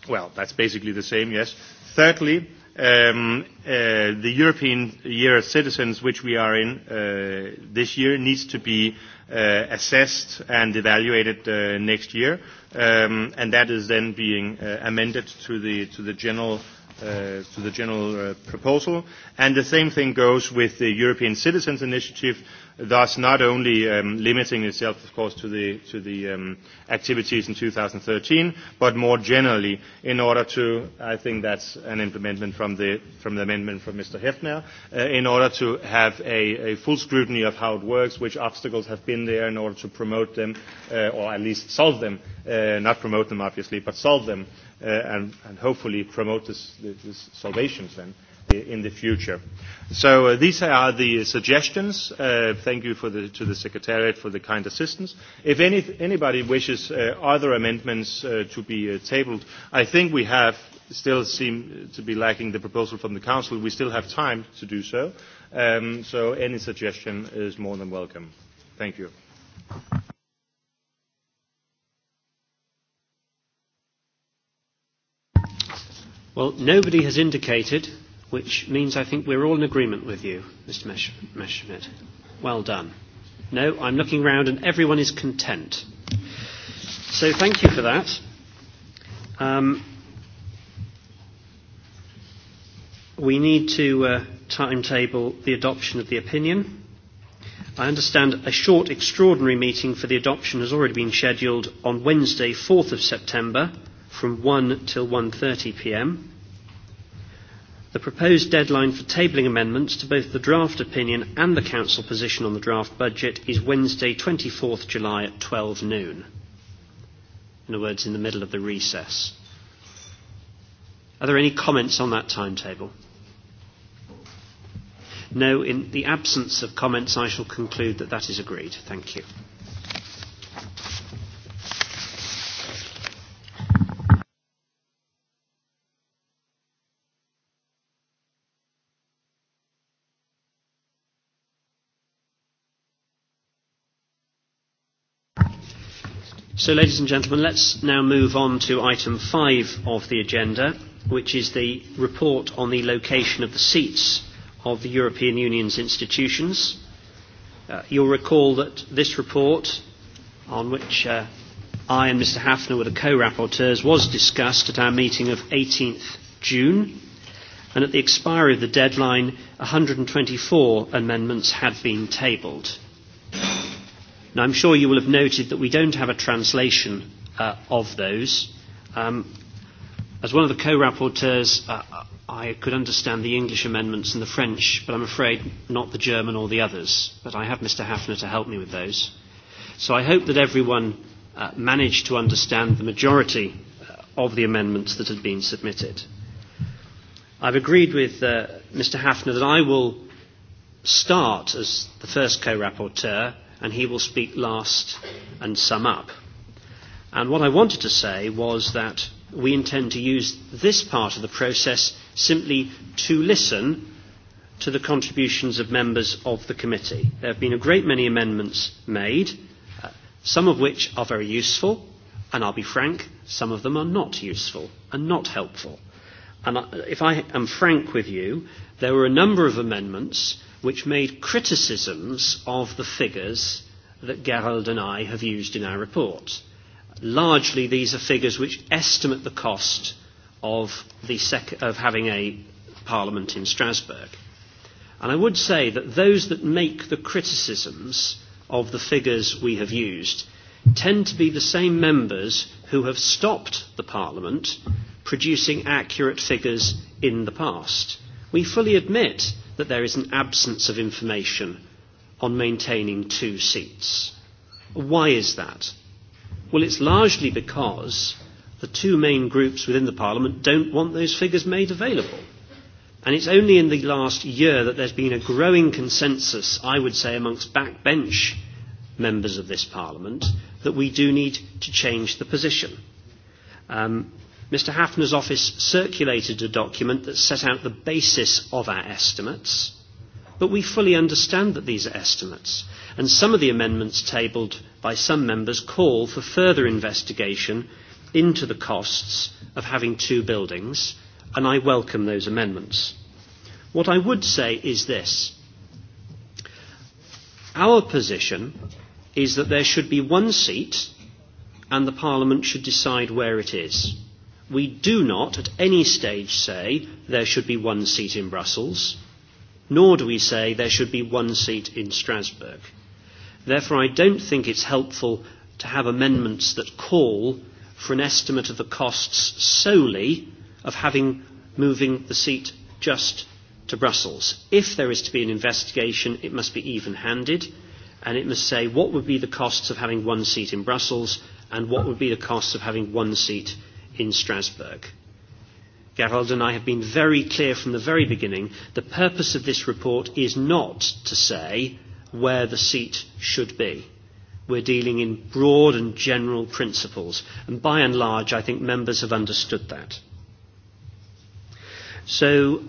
well, that's basically the same, yes. Thirdly, um, uh, the European Year of Citizens, which we are in uh, this year, needs to be uh, assessed and evaluated uh, next year, um, and that is then being uh, amended to the to the general uh, to the general uh, proposal. And the same thing goes with the European Citizens Initiative, thus not only um, limiting itself, of course, to the, to the um, activities in 2013, but more generally in order to, I think that's an implementation from the, from the amendment from Mr. Hefner, uh, in order to have a, a full scrutiny of how it works, which obstacles have been there in order to promote them, uh, or at least solve them, uh, not promote them obviously, but solve them uh, and, and hopefully promote this, this this salvation then uh, in the future. So uh, these are the suggestions. Uh, thank you for the, to the Secretariat for the kind assistance. If any, anybody wishes uh, other amendments uh, to be uh, tabled, I think we have still seem to be lacking the proposal from the Council. We still have time to do so. Um, so any suggestion is more than welcome. Thank you. Well, nobody has indicated, which means I think we're all in agreement with you, Mr. Messerschmidt. Well done. No, I'm looking around and everyone is content. So thank you for that. Um, we need to uh, timetable the adoption of the opinion. I understand a short extraordinary meeting for the adoption has already been scheduled on Wednesday, 4th of September from 1 till 1.30 p.m. The proposed deadline for tabling amendments to both the draft opinion and the Council position on the draft budget is Wednesday 24th July at 12 noon. In other words, in the middle of the recess. Are there any comments on that timetable? No, in the absence of comments, I shall conclude that that is agreed. Thank you. So, ladies and gentlemen, let's now move on to item five of the agenda, which is the report on the location of the seats of the European Union's institutions. Uh, you'll recall that this report, on which uh, I and Mr. Hafner were the co-rapporteurs, was discussed at our meeting of 18th June, and at the expiry of the deadline, 124 amendments had been tabled. Now, I'm sure you will have noted that we don't have a translation uh, of those. Um, as one of the co-rapporteurs, uh, uh I could understand the English amendments and the French, but I'm afraid not the German or the others. But I have Mr. Hafner to help me with those. So I hope that everyone uh, managed to understand the majority uh, of the amendments that had been submitted. I've agreed with uh, Mr. Hafner that I will start as the first co-rapporteur and he will speak last and sum up. And what I wanted to say was that we intend to use this part of the process simply to listen to the contributions of members of the committee. There have been a great many amendments made, uh, some of which are very useful, and I'll be frank, some of them are not useful and not helpful. And if I am frank with you, there were a number of amendments which made criticisms of the figures that Gerald and I have used in our report. Largely, these are figures which estimate the cost of, the sec- of having a parliament in Strasbourg. And I would say that those that make the criticisms of the figures we have used tend to be the same members who have stopped the parliament producing accurate figures in the past. We fully admit that there is an absence of information on maintaining two seats. Why is that? Well, it's largely because the two main groups within the Parliament don't want those figures made available. And it's only in the last year that there's been a growing consensus, I would say, amongst backbench members of this Parliament that we do need to change the position. Um, Mr. Hafner's office circulated a document that set out the basis of our estimates, but we fully understand that these are estimates, and some of the amendments tabled by some members call for further investigation into the costs of having two buildings, and I welcome those amendments. What I would say is this. Our position is that there should be one seat and the Parliament should decide where it is. We do not at any stage say there should be one seat in Brussels, nor do we say there should be one seat in Strasbourg. Therefore, I don't think it's helpful to have amendments that call for an estimate of the costs solely of having moving the seat just to Brussels. If there is to be an investigation, it must be even handed, and it must say what would be the costs of having one seat in Brussels and what would be the costs of having one seat in Strasbourg. Gerald and I have been very clear from the very beginning the purpose of this report is not to say where the seat should be. We're dealing in broad and general principles, and by and large, I think members have understood that. So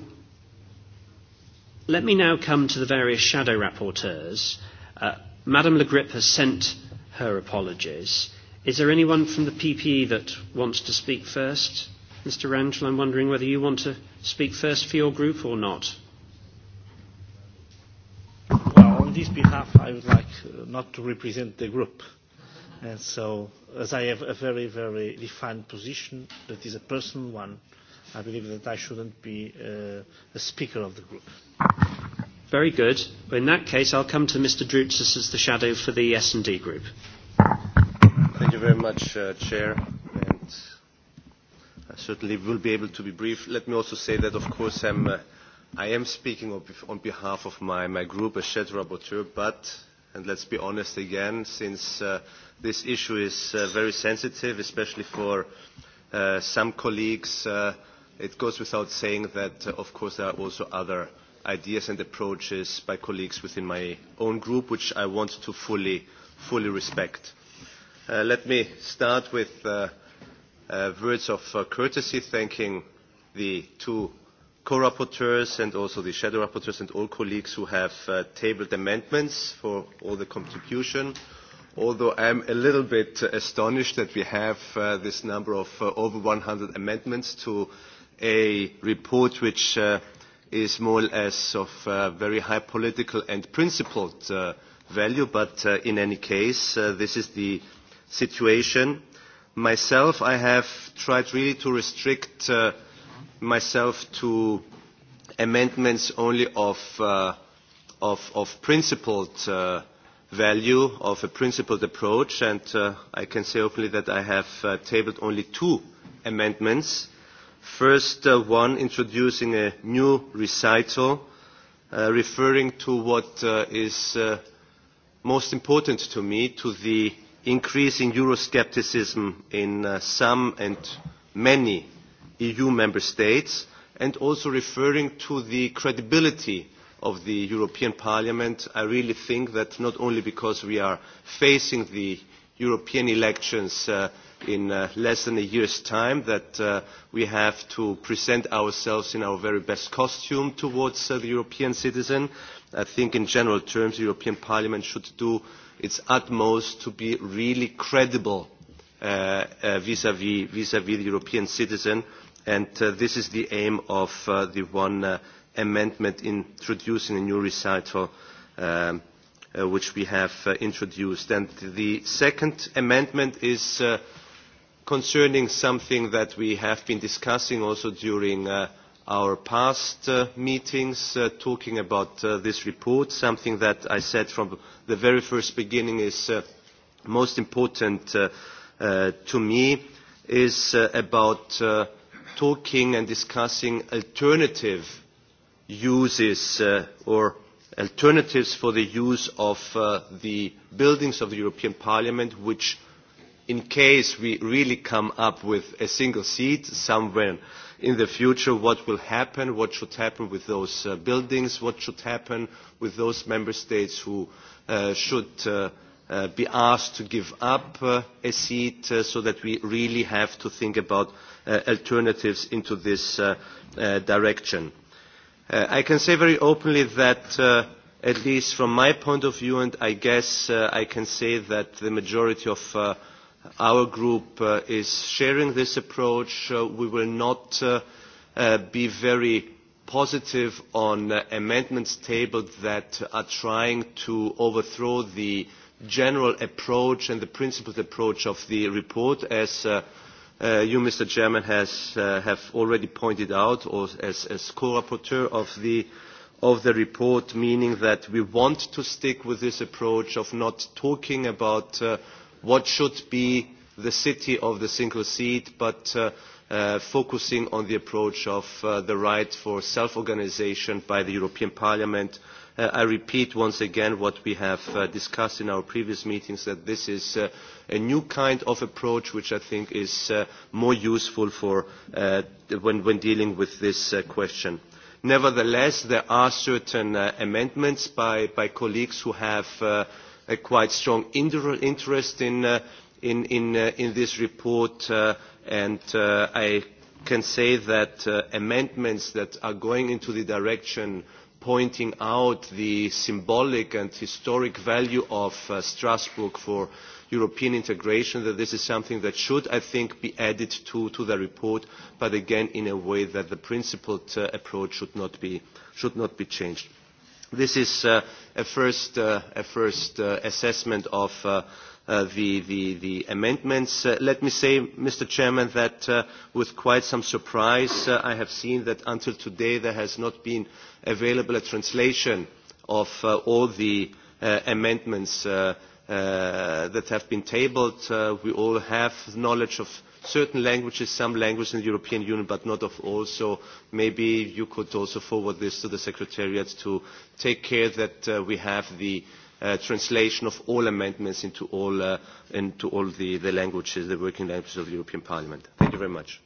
let me now come to the various shadow rapporteurs. Uh, Madame Le Grip has sent her apologies. Is there anyone from the PPE that wants to speak first? Mr. Rangel, I'm wondering whether you want to speak first for your group or not. Well, on this behalf, I would like uh, not to represent the group. And so, as I have a very, very defined position that is a personal one, I believe that I shouldn't be uh, a speaker of the group. Very good. In that case, I'll come to Mr. Drutzis as the shadow for the S&D group. Uh, I certainly will be able to be brief. Let me also say that, of course, uh, I am speaking on, behalf of my, group as Shadow Rapporteur, but, and let us be honest again, since uh, this issue is very sensitive, especially for some colleagues, it goes without saying that, of course, there are also other ideas and approaches by colleagues within my own group, which I want to fully, respect. Uh, let me start with uh, uh, words of uh, courtesy, thanking the two co-rapporteurs and also the shadow rapporteurs and all colleagues who have uh, tabled amendments for all the contribution. Although I'm a little bit uh, astonished that we have uh, this number of uh, over 100 amendments to a report which uh, is more or less of uh, very high political and principled uh, value, but uh, in any case, uh, this is the situation. Myself, I have tried really to restrict uh, myself to amendments only of, uh, of, of principled uh, value, of a principled approach, and uh, I can say openly that I have uh, tabled only two amendments. First uh, one, introducing a new recital uh, referring to what uh, is uh, most important to me, to the increasing Euroscepticism in uh, some and many EU member states and also referring to the credibility of the European Parliament, I really think that not only because we are facing the European elections uh, in uh, less than a year's time that uh, we have to present ourselves in our very best costume towards uh, the European citizen. I think in general terms the European Parliament should do its utmost to be really credible vis-à-vis uh, uh, -vis, vis -vis the European citizen, and uh, this is the aim of uh, the one uh, amendment introducing a new recital um, uh, which we have uh, introduced. And the second amendment is uh, concerning something that we have been discussing also during uh, our past uh, meetings uh, talking about uh, this report, something that I said from the very first beginning is uh, most important uh, uh, to me, is uh, about uh, talking and discussing alternative uses uh, or alternatives for the use of uh, the buildings of the European Parliament, which in case we really come up with a single seat somewhere in the future what will happen, what should happen with those uh, buildings, what should happen with those member states who uh, should uh, uh, be asked to give up uh, a seat uh, so that we really have to think about uh, alternatives into this uh, uh, direction. Uh, I can say very openly that uh, at least from my point of view, and I guess uh, I can say that the majority of uh, Our group uh, is sharing this approach. Uh, we will not uh, uh, be very positive on uh, amendments tabled that are trying to overthrow the general approach and the principled approach of the report, as uh, uh, you, Mr. Chairman, has, uh, have already pointed out, or as, as co-rapporteur of the, of the report, meaning that we want to stick with this approach of not talking about uh, what should be the city of the single seat, but uh, uh, focusing on the approach of uh, the right for self-organization by the European Parliament. Uh, I repeat once again what we have uh, discussed in our previous meetings, that this is uh, a new kind of approach which I think is uh, more useful for, uh, when, when dealing with this uh, question. Nevertheless, there are certain uh, amendments by, by colleagues who have uh, a quite strong interest in, uh, in, in, uh, in this report uh, and uh, I can say that uh, amendments that are going into the direction pointing out the symbolic and historic value of uh, Strasbourg for European integration, that this is something that should, I think, be added to, to the report, but again in a way that the principled uh, approach should not be, should not be changed. This is uh, a first, uh, a first uh, assessment of uh, uh, the, the, the amendments. Uh, let me say, Mr. Chairman, that uh, with quite some surprise, uh, I have seen that until today there has not been available a translation of uh, all the uh, amendments uh, uh, that have been tabled. Uh, we all have knowledge of certain languages, some languages in the European Union, but not of all. So maybe you could also forward this to the Secretariat to take care that uh, we have the uh, translation of all amendments into all, uh, into all the, the languages, the working languages of the European Parliament. Thank you very much.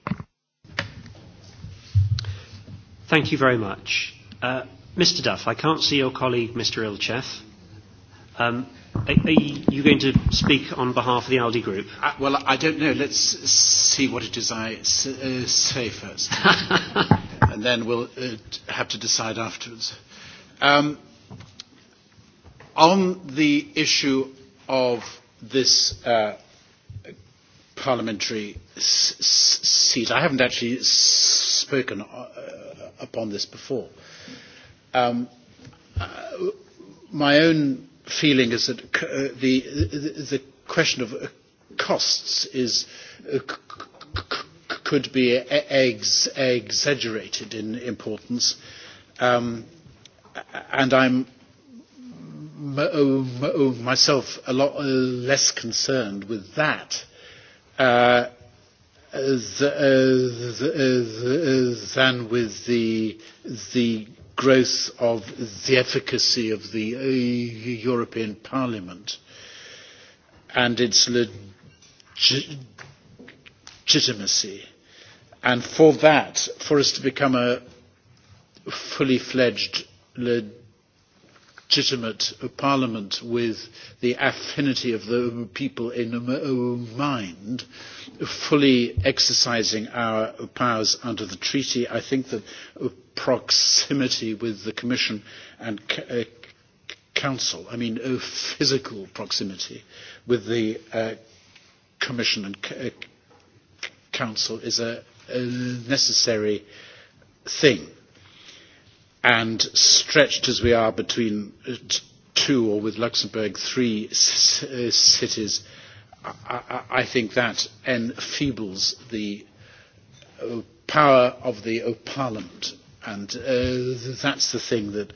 Thank you very much. Uh, Mr. Duff, I can't see your colleague, Mr. Ilchev. Um, Are, are you going to speak on behalf of the Aldi group? Uh, well, I don't know. Let's see what it is I s- uh, say first. and then we'll uh, have to decide afterwards. Um, on the issue of this uh, parliamentary s- s- seat, I haven't actually s- spoken uh, upon this before. Um, uh, my own feeling is that uh, the, the question of uh, costs is, uh, could be e, ex exaggerated in importance. Um, and I'm myself a lot less concerned with that uh, than with the, the growth of the efficacy of the uh, European Parliament and its legitimacy. And for that, for us to become a fully fledged legitimacy, legitimate parliament with the affinity of the people in mind, fully exercising our powers under the treaty. I think that proximity with the Commission and uh, Council, I mean uh, physical proximity with the uh, Commission and Council is a necessary thing and stretched as we are between uh, two or with Luxembourg three cities, I think that enfeebles the uh, power of the Parliament. And uh, that's the thing that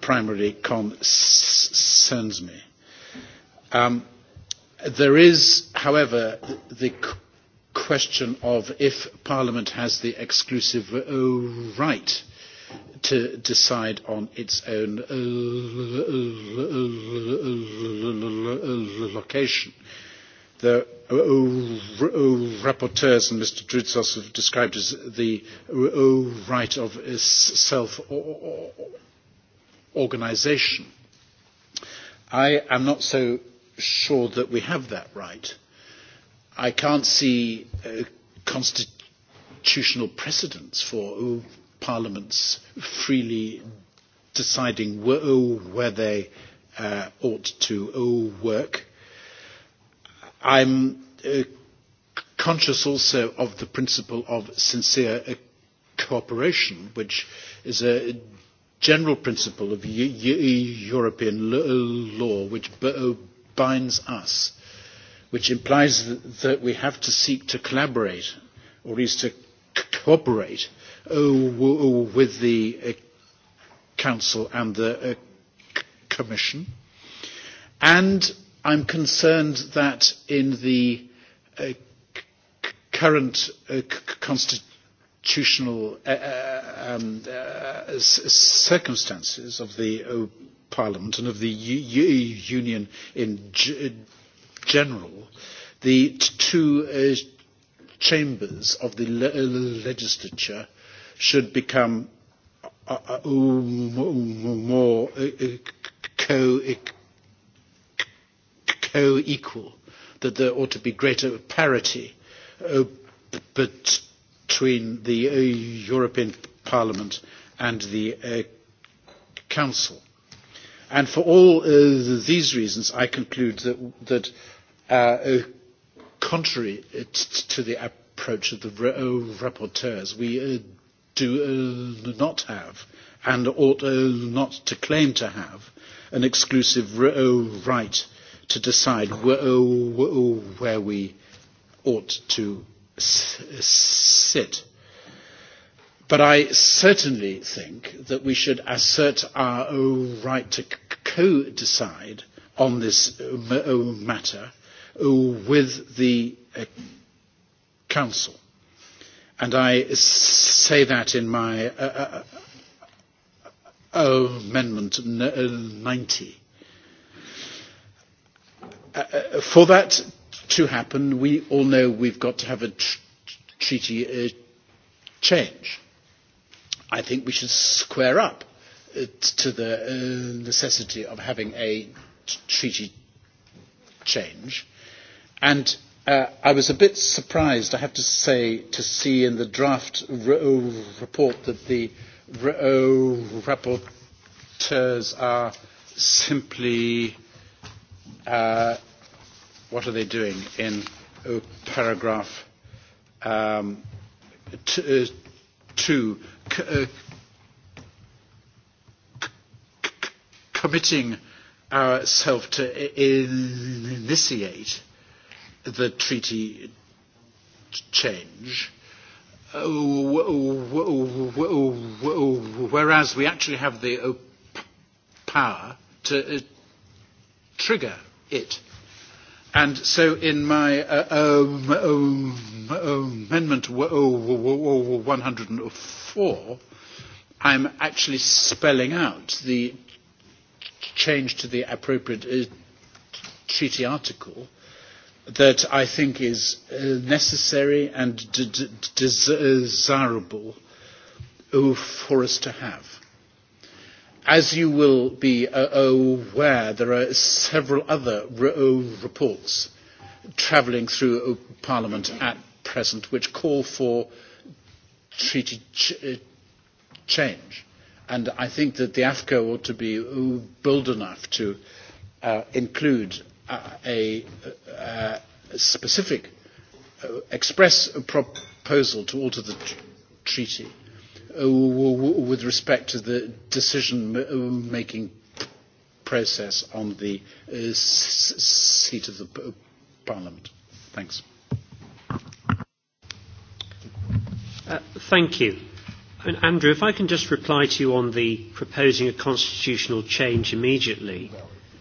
primarily concerns me. Um, there is, however, the question of if Parliament has the exclusive uh, right to decide on its own location. The rapporteurs and Mr. Drutzos have described as the right of self-organisation. I am not so sure that we have that right. I can't see uh, constitutional precedents for parliaments freely deciding wh oh, where they uh, ought to oh, work. I'm uh, conscious also of the principle of sincere uh, cooperation, which is a general principle of European law which oh, binds us, which implies that we have to seek to collaborate, or at least to cooperate, Uh, uh, with the uh, Council and the Commission. And I'm concerned that in the current constitutional circumstances of the Parliament and of the Union in general, the two chambers of the legislature should become more co-equal, that there ought to be greater parity uh, between the uh, European Parliament and the uh, Council. And for all these reasons, I conclude that, that contrary to the approach of the rapporteurs, we do uh, not have and ought uh, not to claim to have an exclusive r- uh, right to decide wh- uh, wh- uh, where we ought to s- uh, sit. But I certainly think that we should assert our uh, right to co-decide on this uh, matter with the Council And I say that in my uh, uh, uh oh, amendment n- uh, 90. Uh, uh, for that to happen, we all know we've got to have a tr- treaty uh, change. I think we should square up uh, to the uh, necessity of having a t- treaty change and Uh, I was a bit surprised, I have to say, to see in the draft oh, report that the oh, rapporteurs are simply, uh, what are they doing in oh, paragraph um, 2, uh, committing ourselves to initiate the treaty change, uh, whereas we actually have the power to uh, trigger it. And so in my uh, um, um, amendment 104, I'm actually spelling out the change to the appropriate treaty article that I think is uh, necessary and de de desirable uh, for us to have. As you will be uh, aware, there are several other reports travelling through Parliament at present which call for treaty ch change. And I think that the AFCO ought to be bold enough to uh, include a, a specific uh, express proposal to alter the treaty uh, with respect to the decision-making um, process on the uh, seat of the Parliament. Thanks. Uh, thank you. And Andrew, if I can just reply to you on the proposing a constitutional change immediately.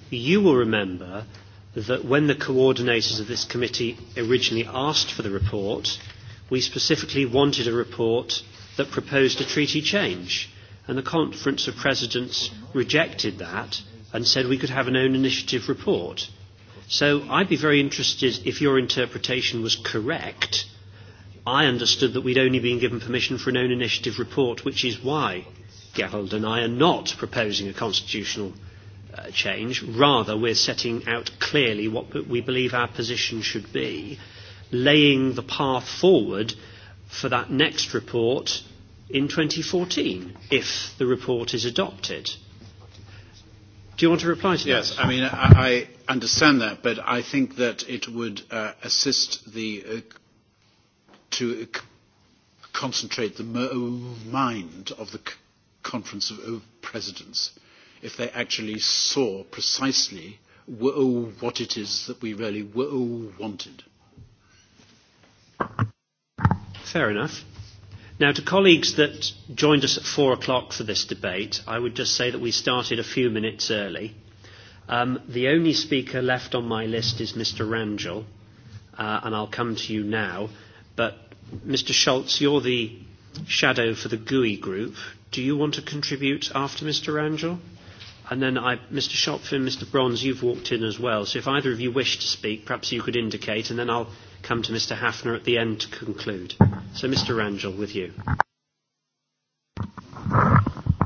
You will remember that when the coordinators of this committee originally asked for the report, we specifically wanted a report that proposed a treaty change. And the Conference of Presidents rejected that and said we could have an own initiative report. So I'd be very interested if your interpretation was correct. I understood that we'd only been given permission for an own initiative report, which is why Gerald and I are not proposing a constitutional Uh, change. Rather, we're setting out clearly what we believe our position should be, laying the path forward for that next report in 2014, if the report is adopted. Do you want to reply to yes, that? Yes, I mean, I, I understand that, but I think that it would uh, assist the uh, to uh, concentrate the mind of the Conference of Presidents if they actually saw precisely what it is that we really wanted. Fair enough. Now, to colleagues that joined us at four o'clock for this debate, I would just say that we started a few minutes early. Um, the only speaker left on my list is Mr. Rangel, uh, and I'll come to you now. But, Mr. Schultz, you're the shadow for the GUI group. Do you want to contribute after Mr. Rangel? And then I, Mr. Shopfin, Mr. Bronze, you've walked in as well. So if either of you wish to speak, perhaps you could indicate, and then I'll come to Mr. Hafner at the end to conclude. So, Mr. Rangel, with you.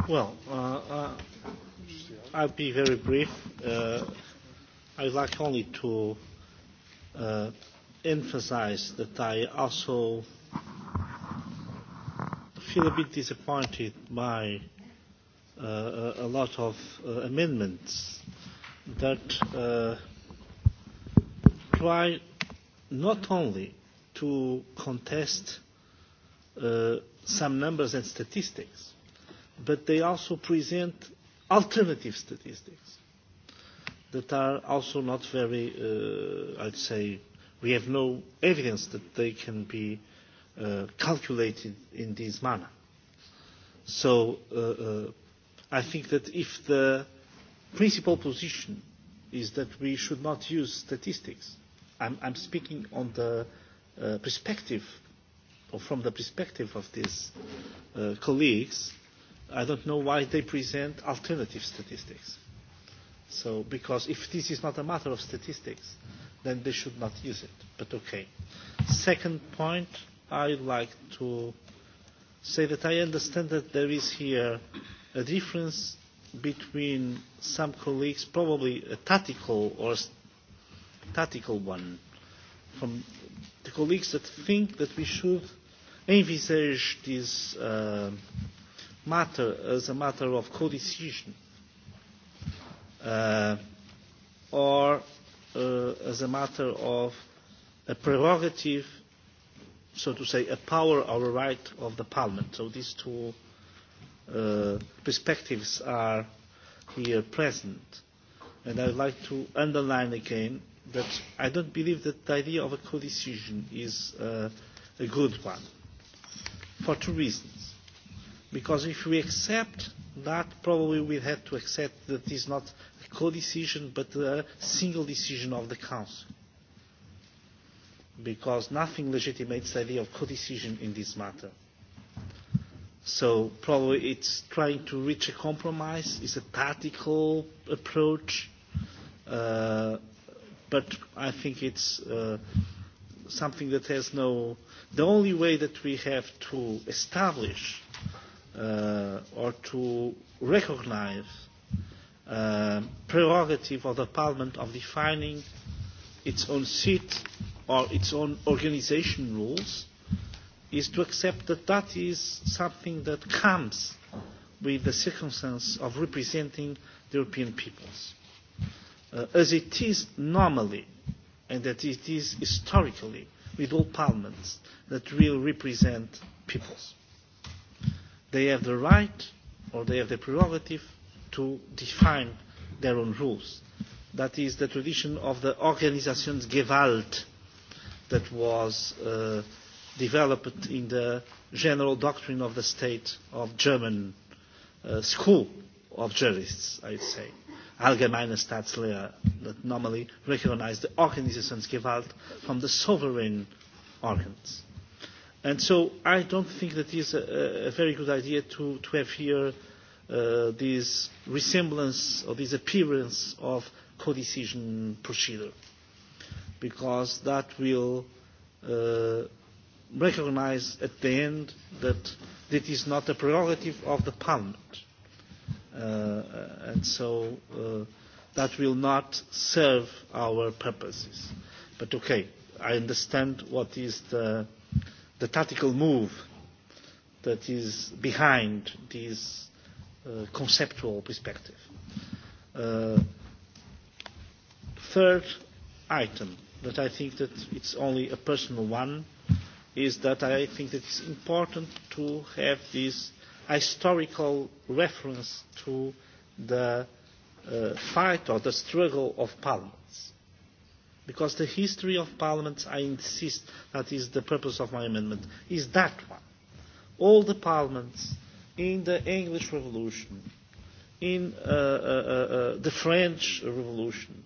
Well, uh, uh, I'll be very brief. Uh, I'd like only to uh, emphasize that I also feel a bit disappointed by uh, a lot of uh, amendments that uh, try not only to contest uh, some numbers and statistics, but they also present alternative statistics that are also not very, uh, I'd say, we have no evidence that they can be uh, calculated in this manner. So uh, uh, I think that if the principal position is that we should not use statistics, I'm, I'm speaking on the uh, perspective, or from the perspective of these uh, colleagues, I don't know why they present alternative statistics. So, because if this is not a matter of statistics, then they should not use it. But okay. Second point, I'd like to say that I understand that there is here a difference between some colleagues, probably a tactical or tactical one, from the colleagues that think that we should envisage this uh, matter as a matter of co-decision uh, or uh, as a matter of a prerogative, so to say, a power or a right of the parliament. So these two Uh, perspectives are here present. And I would like to underline again that I don't believe that the idea of a co-decision is uh, a good one for two reasons. Because if we accept that, probably we have to accept that it is not a co-decision but a single decision of the Council. Because nothing legitimates the idea of co-decision in this matter. So probably it's trying to reach a compromise. It's a tactical approach, uh, but I think it's uh, something that has no. The only way that we have to establish uh, or to recognize uh, prerogative of the Parliament of defining its own seat or its own organization rules is to accept that that is something that comes with the circumstance of representing the European peoples. Uh, as it is normally, and that it is historically, with all parliaments that will represent peoples. They have the right or they have the prerogative to define their own rules. That is the tradition of the Gewalt that was uh, developed in the general doctrine of the state of German uh, school of jurists, I'd say. Allgemeine Staatslehre, that normally recognize the Organisationsgewalt from the sovereign organs. And so I don't think that it is a, a very good idea to, to have here uh, this resemblance or this appearance of co-decision procedure, because that will uh, recognize at the end that that is not a prerogative of the Parliament. Uh, uh, and so uh, that will not serve our purposes. But okay, I understand what is the, the tactical move that is behind this uh, conceptual perspective. Uh, third item that I think that it's only a personal one is that I think it it's important to have this historical reference to the uh, fight or the struggle of parliaments. Because the history of parliaments, I insist, that is the purpose of my amendment, is that one. All the parliaments in the English Revolution, in uh, uh, uh, uh the French Revolution,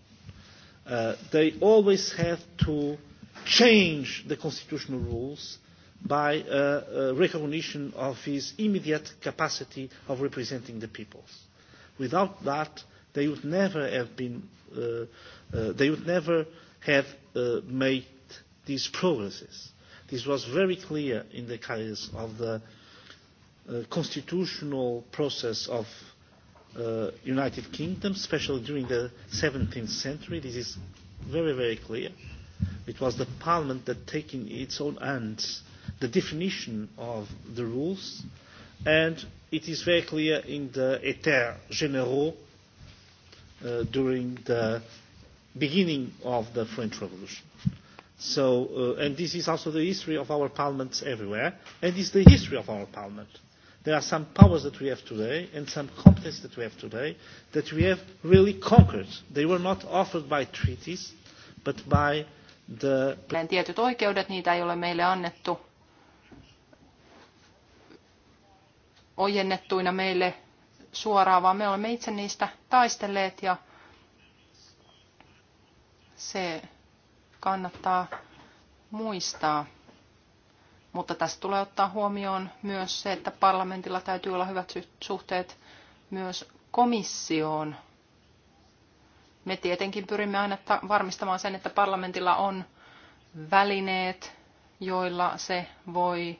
uh, they always have to uh, change the constitutional rules by uh, uh, recognition of his immediate capacity of representing the peoples. Without that, they would never have been, uh, uh, they would never have uh, made these progresses. This was very clear in the case of the uh, constitutional process of uh, United Kingdom, especially during the 17th century. This is very, very clear. It was the Parliament that taking its own hands the definition of the rules, and it is very clear in the Eter Généraux uh, during the beginning of the French Revolution. So, uh, and this is also the history of our parliaments everywhere, and it's the history of our parliament. There are some powers that we have today and some competences that we have today that we have really conquered. They were not offered by treaties, but by the... tietyt oikeudet, niitä ei ole meille annettu ojennettuina meille suoraan, vaan me olemme itse niistä taistelleet ja se kannattaa muistaa. Mutta tässä tulee ottaa huomioon myös se, että parlamentilla täytyy olla hyvät suhteet myös komissioon me tietenkin pyrimme aina varmistamaan sen, että parlamentilla on välineet, joilla se voi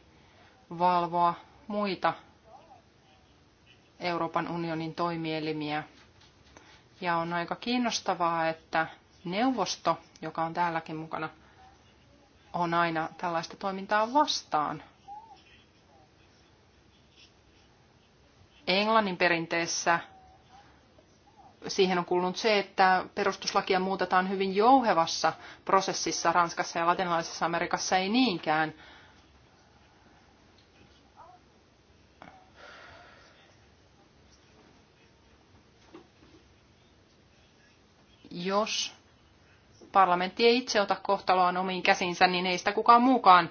valvoa muita Euroopan unionin toimielimiä. Ja on aika kiinnostavaa, että neuvosto, joka on täälläkin mukana, on aina tällaista toimintaa vastaan. Englannin perinteessä siihen on kuulunut se, että perustuslakia muutetaan hyvin jouhevassa prosessissa Ranskassa ja latinalaisessa Amerikassa ei niinkään. Jos parlamentti ei itse ota kohtaloaan omiin käsinsä, niin ei sitä kukaan muukaan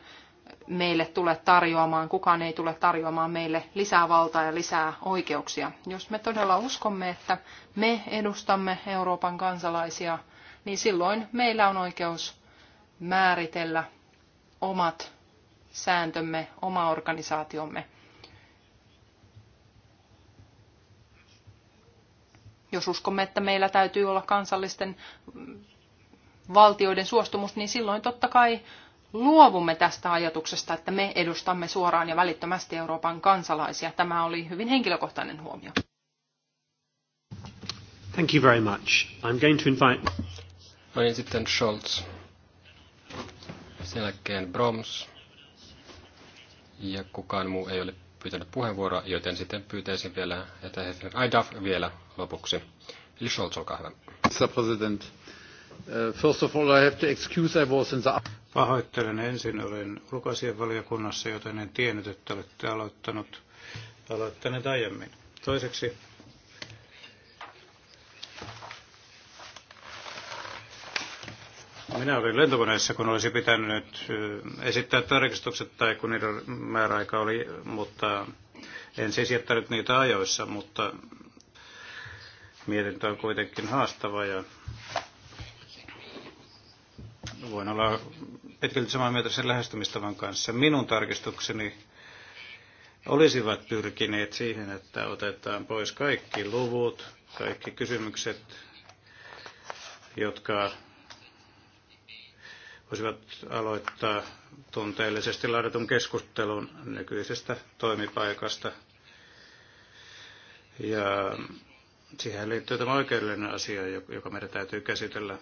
meille tule tarjoamaan, kukaan ei tule tarjoamaan meille lisää valtaa ja lisää oikeuksia. Jos me todella uskomme, että me edustamme Euroopan kansalaisia, niin silloin meillä on oikeus määritellä omat sääntömme, oma organisaatiomme. Jos uskomme, että meillä täytyy olla kansallisten valtioiden suostumus, niin silloin totta kai luovumme tästä ajatuksesta, että me edustamme suoraan ja välittömästi Euroopan kansalaisia. Tämä oli hyvin henkilökohtainen huomio. Thank you very much. I'm going to invite... President no niin, sitten Scholz. Sen jälkeen Broms. Ja kukaan muu ei ole pyytänyt puheenvuoroa, joten sitten pyytäisin vielä, että Aidaf vielä lopuksi. Eli Scholz, olkaa hyvä. President, Uh, first of all, I have to excuse I was in the... Pahoittelen ensin, olen ulkoasianvaliokunnassa, joten en tiennyt, että olette aloittanut, aloittaneet aiemmin. Toiseksi Minä olin lentokoneessa, kun olisi pitänyt esittää tarkistukset tai kun niiden määräaika oli, mutta en siis jättänyt niitä ajoissa, mutta mietintö on kuitenkin haastava ja Voin olla pitkälti samaa mieltä sen lähestymistavan kanssa. Minun tarkistukseni olisivat pyrkineet siihen, että otetaan pois kaikki luvut, kaikki kysymykset, jotka voisivat aloittaa tunteellisesti laadetun keskustelun nykyisestä toimipaikasta. Ja siihen liittyy tämä oikeudellinen asia, joka meidän täytyy käsitellä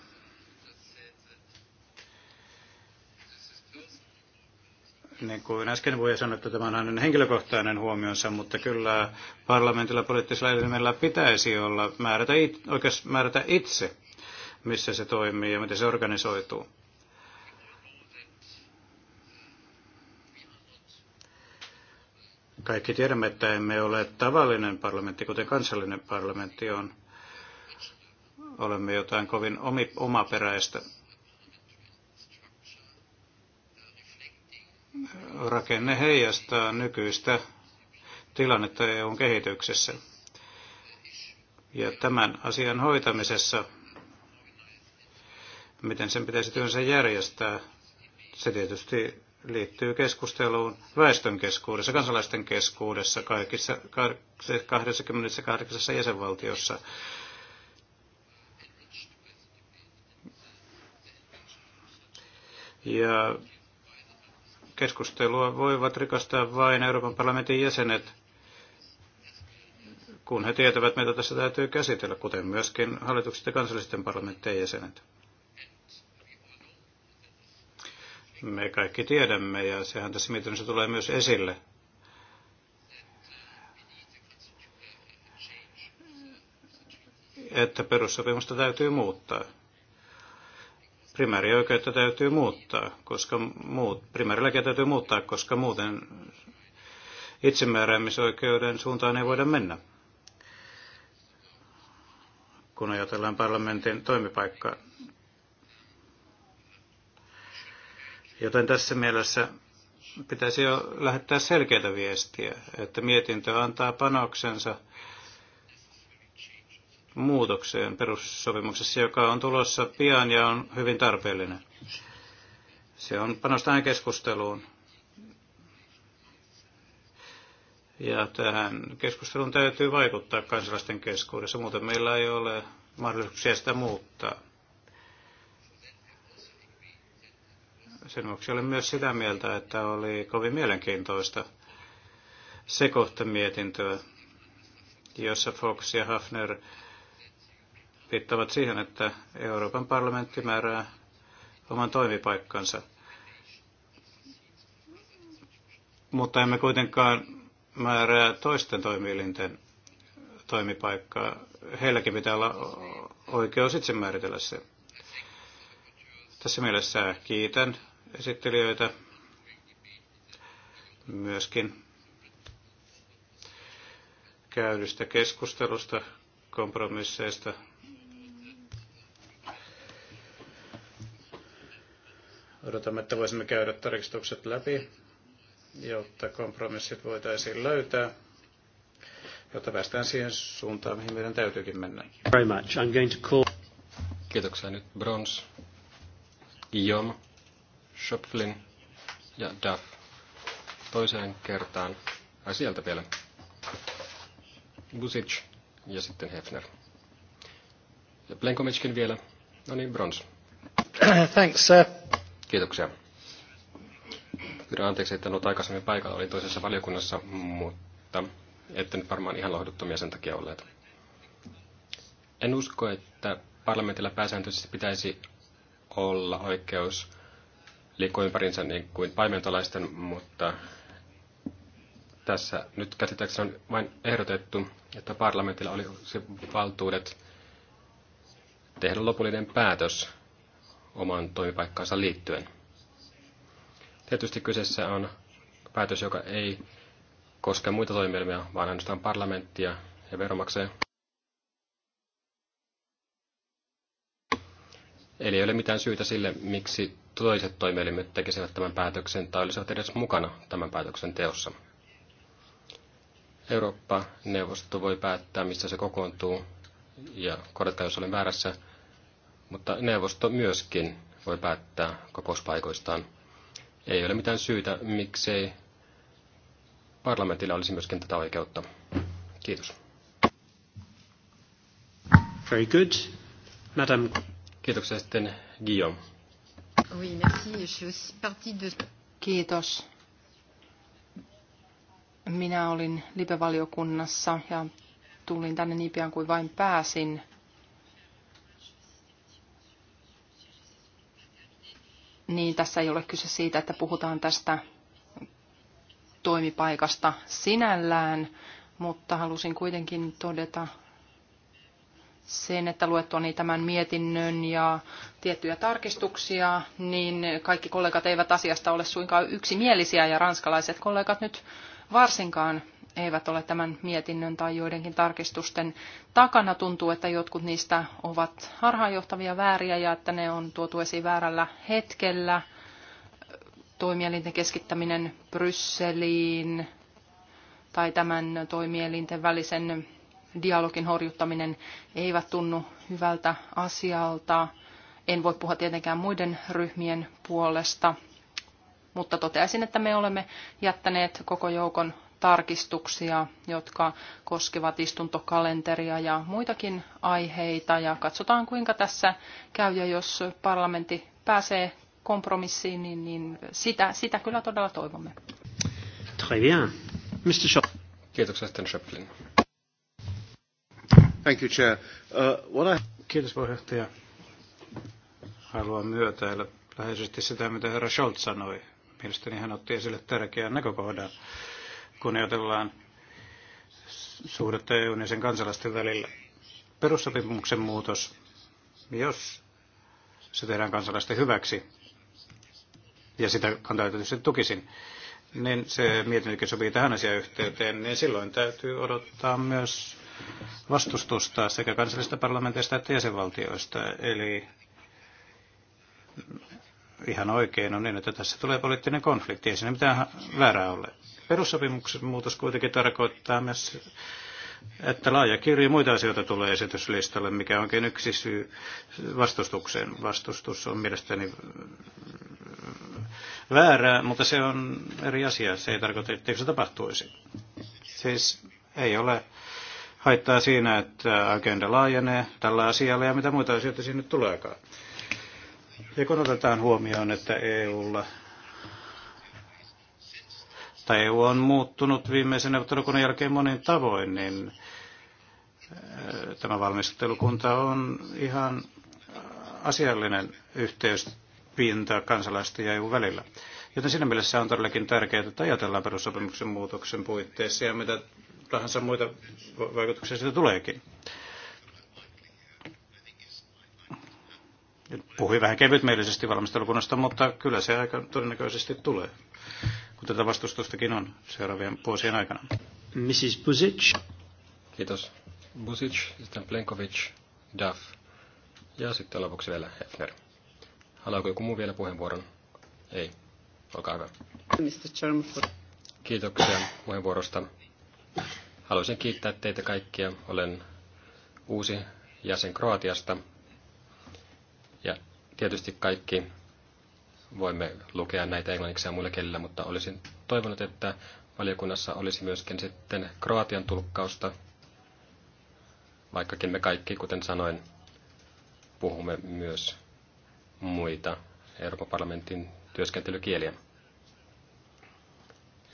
Niin kuin äsken voi sanoa, että tämä on hänen henkilökohtainen huomionsa, mutta kyllä parlamentilla poliittisella elimellä pitäisi olla määrätä, it, oikeas, määrätä itse, missä se toimii ja miten se organisoituu. Kaikki tiedämme, että emme ole tavallinen parlamentti, kuten kansallinen parlamentti on. Olemme jotain kovin omi, omaperäistä. rakenne heijastaa nykyistä tilannetta EUn kehityksessä. Ja tämän asian hoitamisessa, miten sen pitäisi työnsä järjestää, se tietysti liittyy keskusteluun väestön keskuudessa, kansalaisten keskuudessa kaikissa 28 jäsenvaltiossa. Ja Keskustelua voivat rikastaa vain Euroopan parlamentin jäsenet, kun he tietävät, mitä tässä täytyy käsitellä, kuten myöskin hallitukset ja kansallisten parlamenttien jäsenet. Me kaikki tiedämme, ja sehän tässä mietinnössä tulee myös esille, että perussopimusta täytyy muuttaa primäärioikeutta täytyy muuttaa, koska muut, primäärilakia täytyy muuttaa, koska muuten itsemääräämisoikeuden suuntaan ei voida mennä. Kun ajatellaan parlamentin toimipaikkaa. Joten tässä mielessä pitäisi jo lähettää selkeitä viestiä, että mietintö antaa panoksensa muutokseen perussopimuksessa, joka on tulossa pian ja on hyvin tarpeellinen. Se on panostaan keskusteluun. Ja tähän keskusteluun täytyy vaikuttaa kansalaisten keskuudessa, muuten meillä ei ole mahdollisuuksia sitä muuttaa. Sen vuoksi olen myös sitä mieltä, että oli kovin mielenkiintoista se kohta mietintöä, jossa Fox ja Hafner viittaavat siihen, että Euroopan parlamentti määrää oman toimipaikkansa. Mutta emme kuitenkaan määrää toisten toimielinten toimipaikkaa. Heilläkin pitää olla oikeus itse määritellä se. Tässä mielessä kiitän esittelijöitä myöskin käydystä keskustelusta, kompromisseista, Odotamme, että voisimme käydä tarkistukset läpi, jotta kompromissit voitaisiin löytää, jotta päästään siihen suuntaan, mihin meidän täytyykin mennä. Very much. I'm going to call... Kiitoksia nyt Brons, Guillaume, Schöpflin ja Duff toiseen kertaan. Ai sieltä vielä. Busic ja sitten Hefner. Ja Plenkomitskin vielä. No niin, Brons. Thanks, sir. Kiitoksia. Pyydän anteeksi, että en ollut aikaisemmin paikalla, olin toisessa valiokunnassa, mutta ette nyt varmaan ihan lohduttomia sen takia olleet. En usko, että parlamentilla pääsääntöisesti pitäisi olla oikeus liikkua ympärinsä niin kuin paimentolaisten, mutta tässä nyt käsittääkseni on vain ehdotettu, että parlamentilla oli valtuudet tehdä lopullinen päätös omaan toimipaikkaansa liittyen. Tietysti kyseessä on päätös, joka ei koske muita toimielmiä, vaan ainoastaan parlamenttia ja veronmaksajia. Eli ei ole mitään syytä sille, miksi toiset toimielimet tekisivät tämän päätöksen tai olisivat edes mukana tämän päätöksen teossa. Eurooppa-neuvosto voi päättää, missä se kokoontuu, ja korjatkaa, jos olen väärässä, mutta neuvosto myöskin voi päättää kokouspaikoistaan. Ei ole mitään syytä, miksei parlamentilla olisi myöskin tätä oikeutta. Kiitos. Very good. Madame. Kiitoksia sitten Guillaume. Oui, merci. Je suis aussi partie de... Kiitos. Minä olin lipevaliokunnassa ja tulin tänne niin pian kuin vain pääsin. niin tässä ei ole kyse siitä, että puhutaan tästä toimipaikasta sinällään, mutta halusin kuitenkin todeta sen, että luettuani tämän mietinnön ja tiettyjä tarkistuksia, niin kaikki kollegat eivät asiasta ole suinkaan yksimielisiä ja ranskalaiset kollegat nyt varsinkaan eivät ole tämän mietinnön tai joidenkin tarkistusten takana. Tuntuu, että jotkut niistä ovat harhaanjohtavia vääriä ja että ne on tuotu esiin väärällä hetkellä. Toimielinten keskittäminen Brysseliin tai tämän toimielinten välisen dialogin horjuttaminen eivät tunnu hyvältä asialta. En voi puhua tietenkään muiden ryhmien puolesta, mutta toteaisin, että me olemme jättäneet koko joukon tarkistuksia, jotka koskevat istuntokalenteria ja muitakin aiheita. Ja katsotaan, kuinka tässä käy ja jos parlamentti pääsee kompromissiin, niin, niin sitä, sitä kyllä todella toivomme. Très bien. Mr. Shop. Kiitoksia sitten Schöpflin. Thank you, Chair. Uh, what I... Kiitos puheenjohtaja. Haluan myötäillä läheisesti sitä, mitä herra Scholz sanoi. Mielestäni hän otti esille tärkeän näkökohdan kun ajatellaan suhdetta EUn ja sen kansalaisten välillä. Perussopimuksen muutos, jos se tehdään kansalaisten hyväksi, ja sitä kantaa tietysti tukisin, niin se mietintökin sopii tähän asiayhteyteen, niin silloin täytyy odottaa myös vastustusta sekä kansallisista parlamenteista että jäsenvaltioista. Eli ihan oikein on niin, että tässä tulee poliittinen konflikti, ei siinä mitään väärää ole. Perussopimuksen muutos kuitenkin tarkoittaa myös, että laaja ja muita asioita tulee esityslistalle, mikä onkin yksi syy vastustukseen. Vastustus on mielestäni väärää, mutta se on eri asia. Se ei tarkoita, etteikö se tapahtuisi. Siis ei ole haittaa siinä, että agenda laajenee tällä asialla ja mitä muita asioita sinne tuleekaan. Ja kun otetaan huomioon, että EUlla tai EU on muuttunut viimeisen neuvottelukunnan jälkeen monin tavoin, niin eh, tämä valmistelukunta on ihan asiallinen yhteyspinta kansalaisten ja EU välillä. Joten siinä mielessä on todellakin tärkeää, että ajatellaan perussopimuksen muutoksen puitteissa ja mitä tahansa muita vaikutuksia siitä tuleekin. puhuin vähän kevytmielisesti valmistelukunnasta, mutta kyllä se aika todennäköisesti tulee kun tätä vastustustakin on seuraavien vuosien aikana. Mrs. Buzic. Kiitos. Buzic, sitten Plenkovic, Duff ja sitten lopuksi vielä Hefner. Haluaako joku muu vielä puheenvuoron? Ei. Olkaa hyvä. Kiitoksia puheenvuorosta. Haluaisin kiittää teitä kaikkia. Olen uusi jäsen Kroatiasta. Ja tietysti kaikki voimme lukea näitä englanniksi ja muilla kielillä, mutta olisin toivonut, että valiokunnassa olisi myöskin sitten Kroatian tulkkausta, vaikkakin me kaikki, kuten sanoin, puhumme myös muita Euroopan parlamentin työskentelykieliä.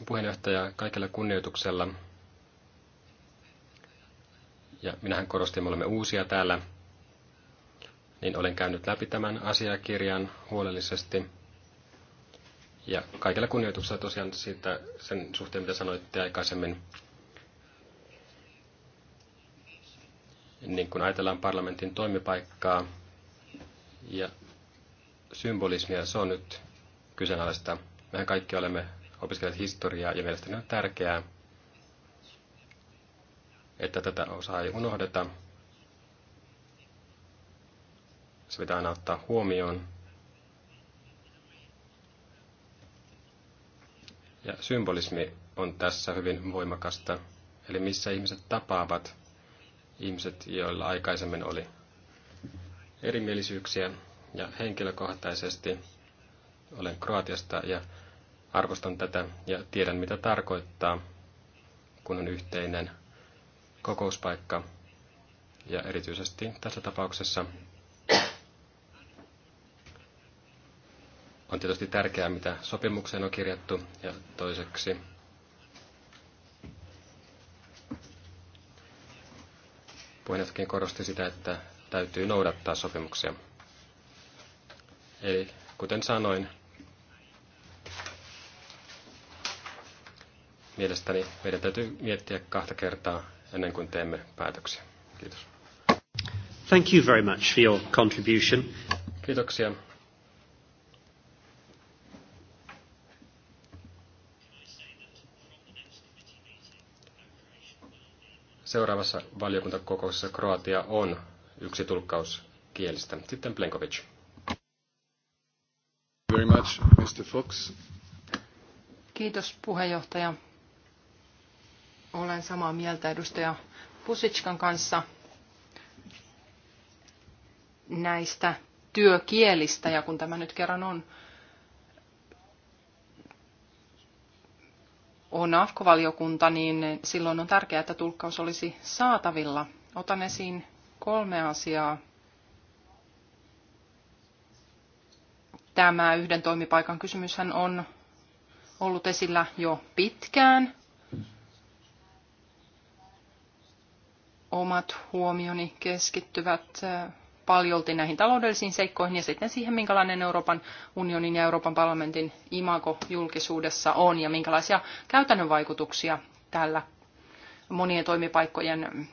Puheenjohtaja, kaikella kunnioituksella, ja minähän korostin, me olemme uusia täällä, niin olen käynyt läpi tämän asiakirjan huolellisesti – ja kaikella kunnioituksella tosiaan siitä sen suhteen, mitä sanoitte aikaisemmin, niin kun ajatellaan parlamentin toimipaikkaa ja symbolismia, se on nyt kyseenalaista. Mehän kaikki olemme opiskelleet historiaa ja mielestäni on tärkeää, että tätä osaa ei unohdeta. Se pitää aina ottaa huomioon Ja symbolismi on tässä hyvin voimakasta. Eli missä ihmiset tapaavat ihmiset, joilla aikaisemmin oli erimielisyyksiä. Ja henkilökohtaisesti olen Kroatiasta ja arvostan tätä ja tiedän mitä tarkoittaa, kun on yhteinen kokouspaikka. Ja erityisesti tässä tapauksessa on tietysti tärkeää, mitä sopimukseen on kirjattu, ja toiseksi puheenjohtajakin korosti sitä, että täytyy noudattaa sopimuksia. Eli kuten sanoin, mielestäni meidän täytyy miettiä kahta kertaa ennen kuin teemme päätöksiä. Kiitos. Thank you very much for your contribution. Kiitoksia Seuraavassa valiokuntakokouksessa Kroatia on yksi tulkkaus kielistä. Sitten Plenkovic. Very much, Mr. Fox. Kiitos puheenjohtaja. Olen samaa mieltä edustaja Pusitskan kanssa näistä työkielistä, ja kun tämä nyt kerran on on afkovaliokunta, niin silloin on tärkeää, että tulkkaus olisi saatavilla. Otan esiin kolme asiaa. Tämä yhden toimipaikan kysymyshän on ollut esillä jo pitkään. Omat huomioni keskittyvät paljolti näihin taloudellisiin seikkoihin ja sitten siihen, minkälainen Euroopan unionin ja Euroopan parlamentin imago julkisuudessa on ja minkälaisia käytännön vaikutuksia tällä monien toimipaikkojen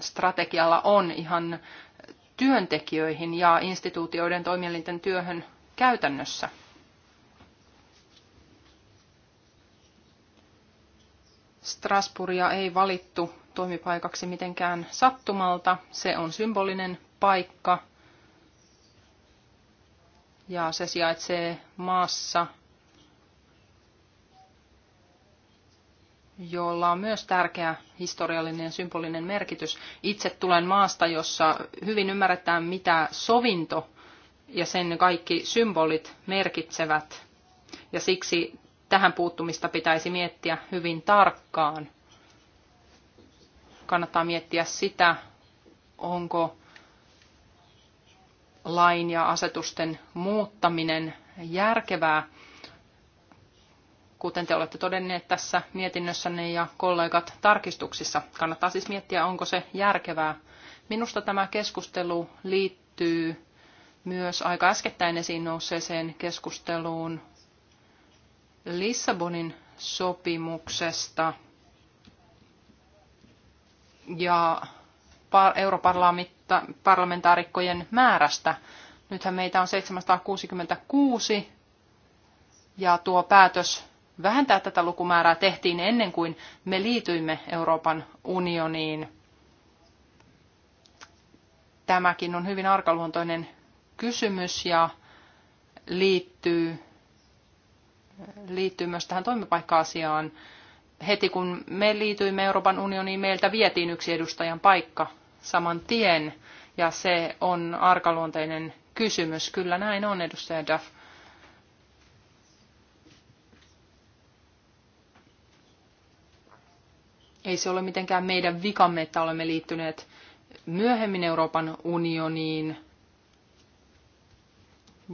strategialla on ihan työntekijöihin ja instituutioiden toimielinten työhön käytännössä. Strasburgia ei valittu toimipaikaksi mitenkään sattumalta. Se on symbolinen paikka ja se sijaitsee maassa, jolla on myös tärkeä historiallinen ja symbolinen merkitys. Itse tulen maasta, jossa hyvin ymmärretään, mitä sovinto ja sen kaikki symbolit merkitsevät. Ja siksi tähän puuttumista pitäisi miettiä hyvin tarkkaan kannattaa miettiä sitä, onko lain ja asetusten muuttaminen järkevää, kuten te olette todenneet tässä mietinnössänne ja kollegat tarkistuksissa. Kannattaa siis miettiä, onko se järkevää. Minusta tämä keskustelu liittyy myös aika äskettäin esiin nousseeseen keskusteluun Lissabonin sopimuksesta – ja europarlamentaarikkojen määrästä. Nythän meitä on 766 ja tuo päätös vähentää tätä lukumäärää tehtiin ennen kuin me liityimme Euroopan unioniin. Tämäkin on hyvin arkaluontoinen kysymys ja liittyy, liittyy myös tähän toimipaikka-asiaan heti kun me liityimme Euroopan unioniin, meiltä vietiin yksi edustajan paikka saman tien, ja se on arkaluonteinen kysymys. Kyllä näin on, edustaja Duff. Ei se ole mitenkään meidän vikamme, että olemme liittyneet myöhemmin Euroopan unioniin.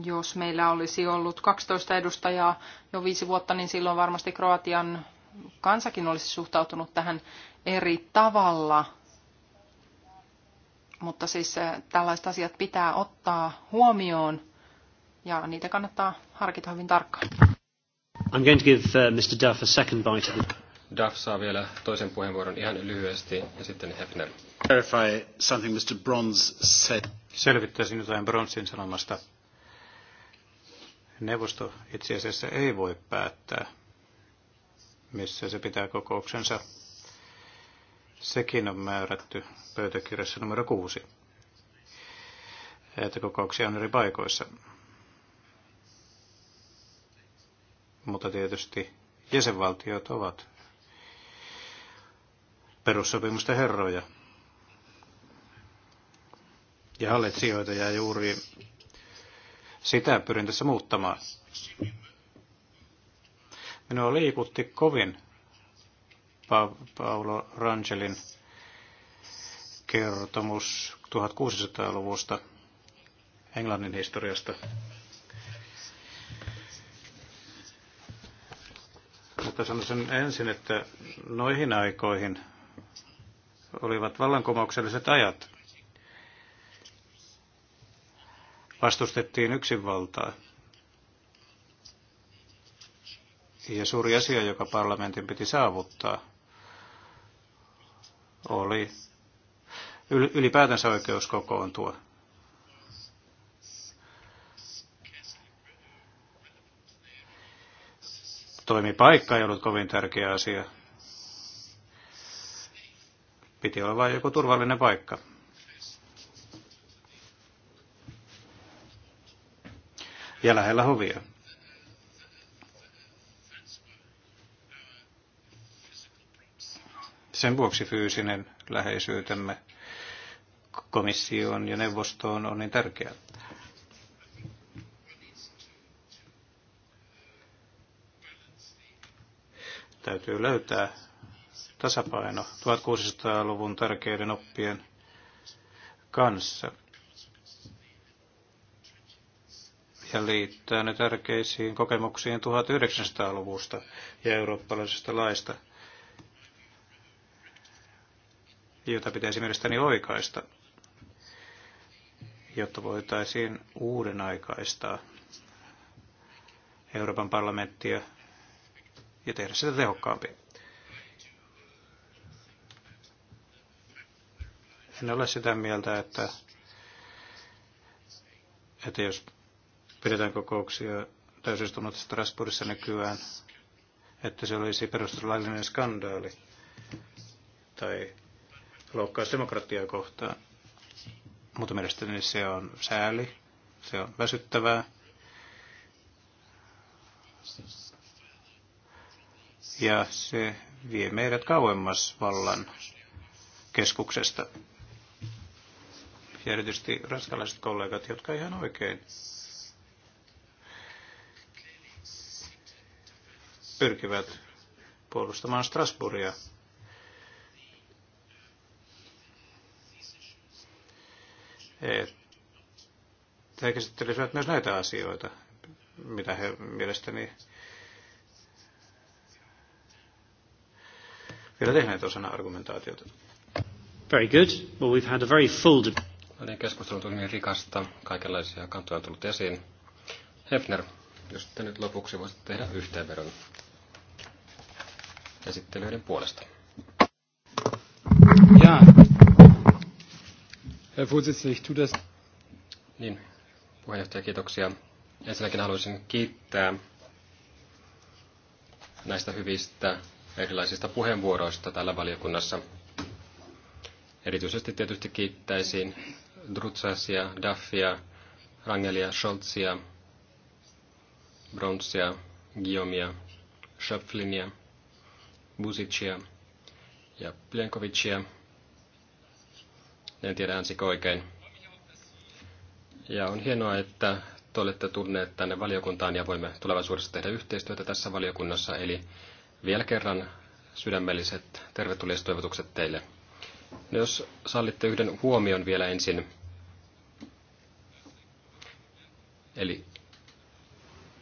Jos meillä olisi ollut 12 edustajaa jo viisi vuotta, niin silloin varmasti Kroatian kansakin olisi suhtautunut tähän eri tavalla. Mutta siis eh, tällaiset asiat pitää ottaa huomioon ja niitä kannattaa harkita hyvin tarkkaan. I'm going to give uh, Mr. Duff a second bite. Duff saa vielä toisen puheenvuoron ihan lyhyesti ja sitten Hefner. Clarify something Mr. Bronze said. Selvittäisin jotain Bronzin sanomasta. Neuvosto itse asiassa ei voi päättää missä se pitää kokouksensa. Sekin on määrätty pöytäkirjassa numero kuusi, että kokouksia on eri paikoissa. Mutta tietysti jäsenvaltiot ovat perussopimusten herroja ja hallitsijoita ja juuri sitä pyrin tässä muuttamaan. Minua liikutti kovin pa- Paolo Rangelin kertomus 1600-luvusta Englannin historiasta. Mutta sanoisin ensin, että noihin aikoihin olivat vallankumoukselliset ajat. Vastustettiin yksinvaltaa. Ja suuri asia, joka parlamentin piti saavuttaa, oli ylipäätänsä oikeus kokoontua. Toimipaikka ei ollut kovin tärkeä asia. Piti olla vain joku turvallinen paikka. Ja lähellä hovia. Sen vuoksi fyysinen läheisyytemme komissioon ja neuvostoon on niin tärkeää. Täytyy löytää tasapaino 1600-luvun tärkeiden oppien kanssa ja liittää ne tärkeisiin kokemuksiin 1900-luvusta ja eurooppalaisesta laista – jota pitäisi mielestäni oikaista, jotta voitaisiin uuden aikaistaa Euroopan parlamenttia ja tehdä sitä tehokkaampi. En ole sitä mieltä, että, että jos pidetään kokouksia täysistunnot Strasbourgissa nykyään, että se olisi perustuslaillinen skandaali tai loukkaus demokratiaa kohtaan. Mutta mielestäni se on sääli, se on väsyttävää. Ja se vie meidät kauemmas vallan keskuksesta. Ja erityisesti ranskalaiset kollegat, jotka ihan oikein pyrkivät puolustamaan Strasbourgia että he käsittelisivät myös näitä asioita, mitä he mielestäni vielä tehneet osana argumentaatiota. Very good. Well, we've had a very full debate. Meidän keskustelu on hyvin rikasta. Kaikenlaisia kantoja on tullut esiin. Hefner, jos te nyt lopuksi voisitte tehdä yhteenvedon esittelyiden puolesta. Yeah. Herr Vorsitzender, ich tue das. Niin, puheenjohtaja, kiitoksia. Ensinnäkin haluaisin kiittää näistä hyvistä erilaisista puheenvuoroista täällä valiokunnassa. Erityisesti tietysti kiittäisin Drutsasia, Daffia, Rangelia, Scholzia, Bronsia, Giomia, Schöpflinia, Busicia ja Plenkovicia – en tiedä, ensin oikein. Ja on hienoa, että te olette tulleet tänne valiokuntaan ja voimme tulevaisuudessa tehdä yhteistyötä tässä valiokunnassa. Eli vielä kerran sydämelliset tervetulleet toivotukset teille. No jos sallitte yhden huomion vielä ensin. Eli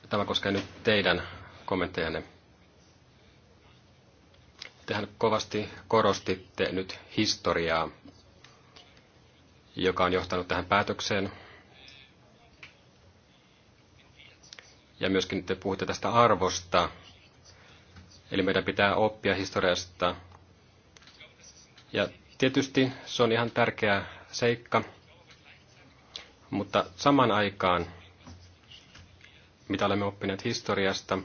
tämä koskee nyt teidän kommenttejanne. Tehän kovasti korostitte nyt historiaa joka on johtanut tähän päätökseen. Ja myöskin te puhutte tästä arvosta. Eli meidän pitää oppia historiasta. Ja tietysti se on ihan tärkeä seikka. Mutta saman aikaan, mitä olemme oppineet historiasta,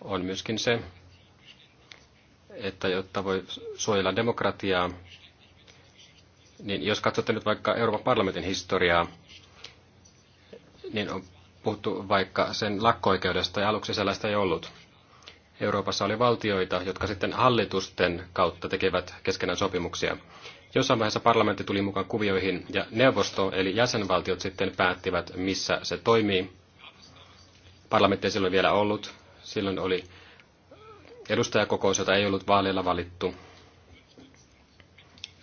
on myöskin se, että jotta voi suojella demokratiaa, niin jos katsotte nyt vaikka Euroopan parlamentin historiaa, niin on puhuttu vaikka sen lakkoikeudesta ja aluksi sellaista ei ollut. Euroopassa oli valtioita, jotka sitten hallitusten kautta tekevät keskenään sopimuksia. Jossain vaiheessa parlamentti tuli mukaan kuvioihin ja neuvosto eli jäsenvaltiot sitten päättivät, missä se toimii. Parlamentti ei silloin vielä ollut. Silloin oli edustajakokous, jota ei ollut vaaleilla valittu.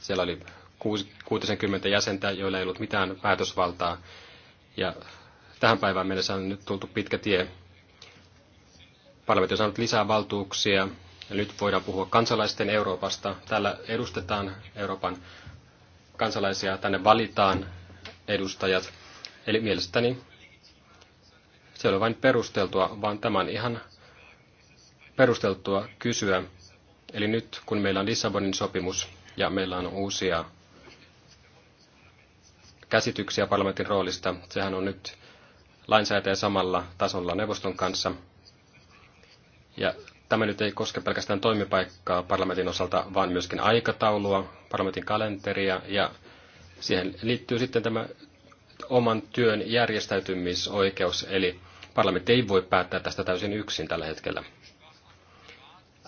Siellä oli 60 jäsentä, joilla ei ollut mitään päätösvaltaa. Ja tähän päivään mennessä on nyt tultu pitkä tie. Parlamentti on saanut lisää valtuuksia. Ja nyt voidaan puhua kansalaisten Euroopasta. Täällä edustetaan Euroopan kansalaisia, tänne valitaan edustajat. Eli mielestäni se ei ole vain perusteltua, vaan tämän ihan perusteltua kysyä. Eli nyt kun meillä on Lissabonin sopimus ja meillä on uusia käsityksiä parlamentin roolista. Sehän on nyt lainsäätäjä samalla tasolla neuvoston kanssa. Ja tämä nyt ei koske pelkästään toimipaikkaa parlamentin osalta, vaan myöskin aikataulua, parlamentin kalenteria ja siihen liittyy sitten tämä oman työn järjestäytymisoikeus, eli parlamentti ei voi päättää tästä täysin yksin tällä hetkellä.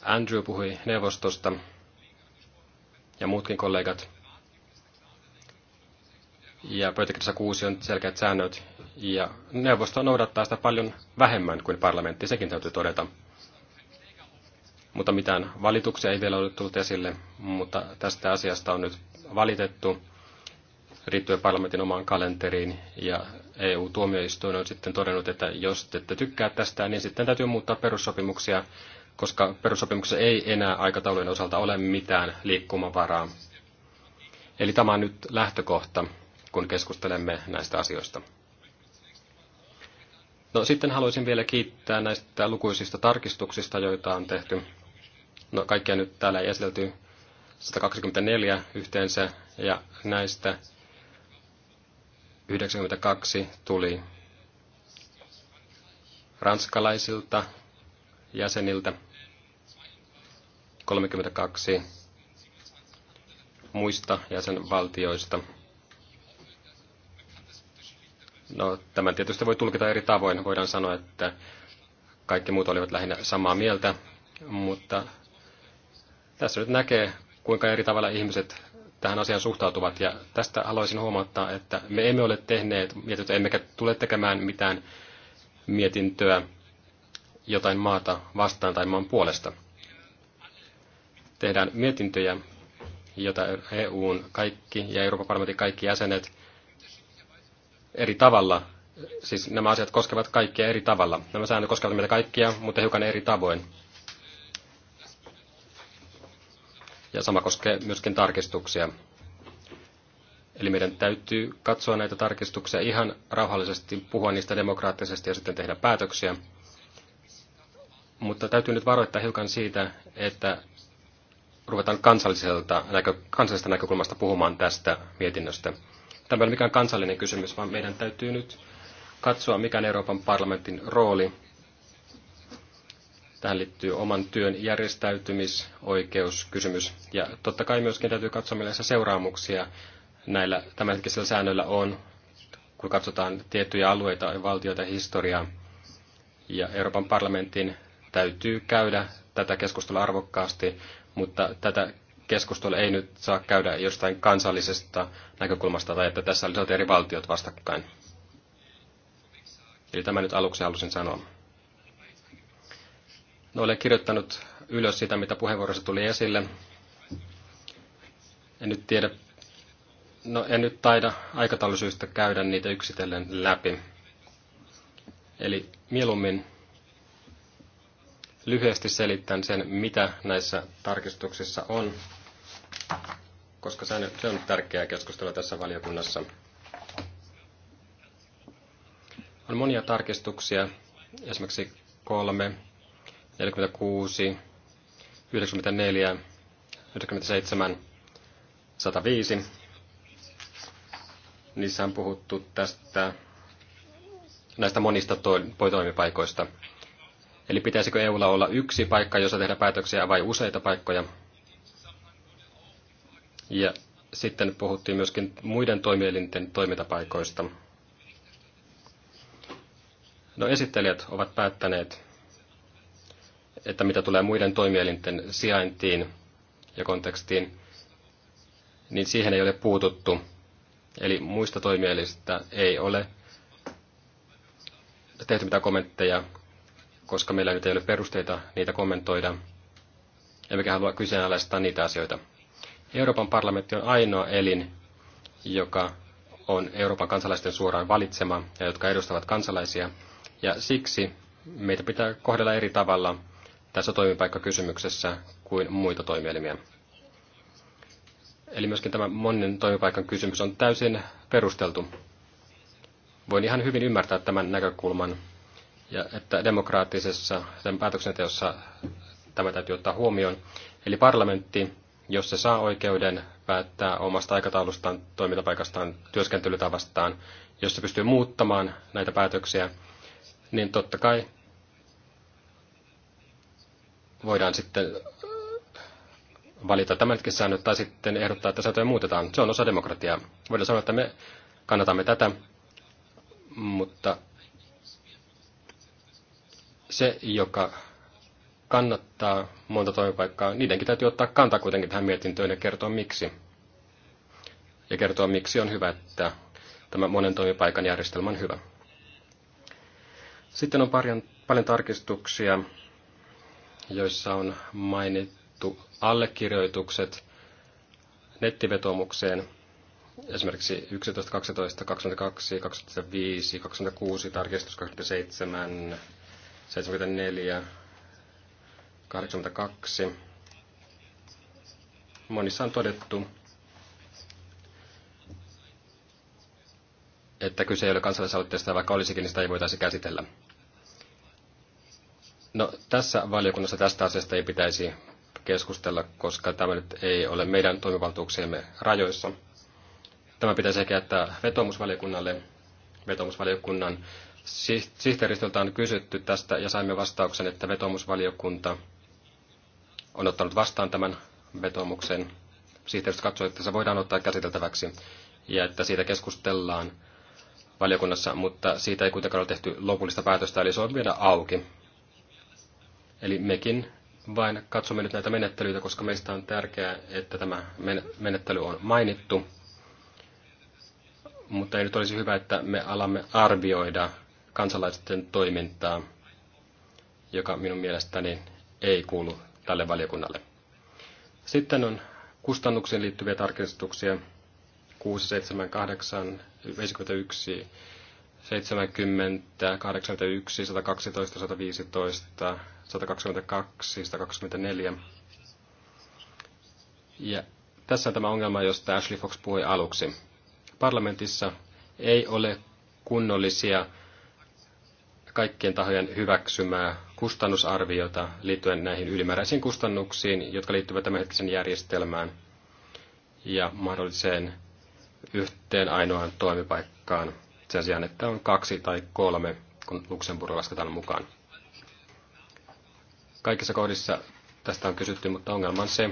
Andrew puhui neuvostosta ja muutkin kollegat ja pöytäkirjassa kuusi on selkeät säännöt, ja neuvosto noudattaa sitä paljon vähemmän kuin parlamentti, sekin täytyy todeta. Mutta mitään valituksia ei vielä ole tullut esille, mutta tästä asiasta on nyt valitettu riittyen parlamentin omaan kalenteriin, ja EU-tuomioistuin on sitten todennut, että jos te ette tykkää tästä, niin sitten täytyy muuttaa perussopimuksia, koska perussopimuksessa ei enää aikataulujen osalta ole mitään liikkumavaraa. Eli tämä on nyt lähtökohta kun keskustelemme näistä asioista. No sitten haluaisin vielä kiittää näistä lukuisista tarkistuksista, joita on tehty. No kaikkia nyt täällä ei esitelty 124 yhteensä, ja näistä 92 tuli ranskalaisilta jäseniltä, 32 muista jäsenvaltioista – No, tämän tietysti voi tulkita eri tavoin. Voidaan sanoa, että kaikki muut olivat lähinnä samaa mieltä, mutta tässä nyt näkee, kuinka eri tavalla ihmiset tähän asiaan suhtautuvat. Ja tästä haluaisin huomauttaa, että me emme ole tehneet mietintöä, emmekä tule tekemään mitään mietintöä jotain maata vastaan tai maan puolesta. Tehdään mietintöjä, jota EUn kaikki ja Euroopan parlamentin kaikki jäsenet eri tavalla. Siis nämä asiat koskevat kaikkia eri tavalla. Nämä säännöt koskevat meitä kaikkia, mutta hiukan eri tavoin. Ja sama koskee myöskin tarkistuksia. Eli meidän täytyy katsoa näitä tarkistuksia ihan rauhallisesti, puhua niistä demokraattisesti ja sitten tehdä päätöksiä. Mutta täytyy nyt varoittaa hiukan siitä, että ruvetaan kansalliselta, kansallisesta näkökulmasta puhumaan tästä mietinnöstä tämä ei ole mikään kansallinen kysymys, vaan meidän täytyy nyt katsoa, mikä on Euroopan parlamentin rooli. Tähän liittyy oman työn järjestäytymisoikeuskysymys. Ja totta kai myöskin täytyy katsoa, millaisia seuraamuksia näillä tämänhetkisillä säännöillä on, kun katsotaan tiettyjä alueita ja valtioita historiaa. Ja Euroopan parlamentin täytyy käydä tätä keskustelua arvokkaasti, mutta tätä keskustelu ei nyt saa käydä jostain kansallisesta näkökulmasta tai että tässä olisivat eri valtiot vastakkain. Eli tämä nyt aluksi halusin sanoa. No, olen kirjoittanut ylös sitä, mitä puheenvuorossa tuli esille. En nyt tiedä, no en nyt taida aikataulusyistä käydä niitä yksitellen läpi. Eli mieluummin lyhyesti selittän sen, mitä näissä tarkistuksissa on koska se on tärkeää keskustella tässä valiokunnassa. On monia tarkistuksia, esimerkiksi 3, 46, 94, 97, 105. Niissä on puhuttu tästä, näistä monista toimipaikoista. Eli pitäisikö EUlla olla yksi paikka, jossa tehdä päätöksiä vai useita paikkoja? Ja sitten puhuttiin myöskin muiden toimielinten toimintapaikoista. No esittelijät ovat päättäneet, että mitä tulee muiden toimielinten sijaintiin ja kontekstiin, niin siihen ei ole puututtu. Eli muista toimielistä ei ole tehty mitään kommentteja, koska meillä nyt ei ole perusteita niitä kommentoida, emmekä halua kyseenalaistaa niitä asioita. Euroopan parlamentti on ainoa elin, joka on Euroopan kansalaisten suoraan valitsema ja jotka edustavat kansalaisia. Ja siksi meitä pitää kohdella eri tavalla tässä toimipaikkakysymyksessä kuin muita toimielimiä. Eli myöskin tämä monen toimipaikan kysymys on täysin perusteltu. Voin ihan hyvin ymmärtää tämän näkökulman, ja että demokraattisessa sen päätöksenteossa tämä täytyy ottaa huomioon. Eli parlamentti jos se saa oikeuden päättää omasta aikataulustaan, toimintapaikastaan, työskentelytavastaan, jos se pystyy muuttamaan näitä päätöksiä, niin totta kai voidaan sitten äh, valita tämänkin säännöt tai sitten ehdottaa, että säätöjä muutetaan. Se on osa demokratiaa. Voidaan sanoa, että me kannatamme tätä, mutta se, joka kannattaa monta toimipaikkaa, niidenkin täytyy ottaa kantaa kuitenkin tähän mietintöön ja kertoa miksi. Ja kertoa miksi on hyvä, että tämä monen toimipaikan järjestelmä on hyvä. Sitten on paljon, paljon tarkistuksia, joissa on mainittu allekirjoitukset nettivetomukseen. Esimerkiksi 11, 12, 22, 25, 26, tarkistus 27, 74, 82. Monissa on todettu, että kyse ei ole kansalaisaloitteesta, vaikka olisikin, niin sitä ei voitaisi käsitellä. No, tässä valiokunnassa tästä asiasta ei pitäisi keskustella, koska tämä nyt ei ole meidän toimivaltuuksiemme rajoissa. Tämä pitäisi ehkä jättää vetomusvaliokunnalle. Vetomusvaliokunnan sihteeristöltä on kysytty tästä ja saimme vastauksen, että vetomusvaliokunta – on ottanut vastaan tämän vetomuksen. Sihteeristö katsoo, että se voidaan ottaa käsiteltäväksi ja että siitä keskustellaan valiokunnassa, mutta siitä ei kuitenkaan ole tehty lopullista päätöstä, eli se on vielä auki. Eli mekin vain katsomme nyt näitä menettelyitä, koska meistä on tärkeää, että tämä menettely on mainittu. Mutta ei nyt olisi hyvä, että me alamme arvioida kansalaisten toimintaa, joka minun mielestäni ei kuulu tälle valiokunnalle. Sitten on kustannuksiin liittyviä tarkistuksia 6, 7, 8, 51, 70, 81, 112, 115, 122, 124. Ja tässä on tämä ongelma, josta Ashley Fox puhui aluksi. Parlamentissa ei ole kunnollisia kaikkien tahojen hyväksymää kustannusarviota liittyen näihin ylimääräisiin kustannuksiin, jotka liittyvät tämänhetkisen järjestelmään ja mahdolliseen yhteen ainoaan toimipaikkaan sen sijaan, että on kaksi tai kolme, kun Luxemburg lasketaan mukaan. Kaikissa kohdissa tästä on kysytty, mutta ongelma on se,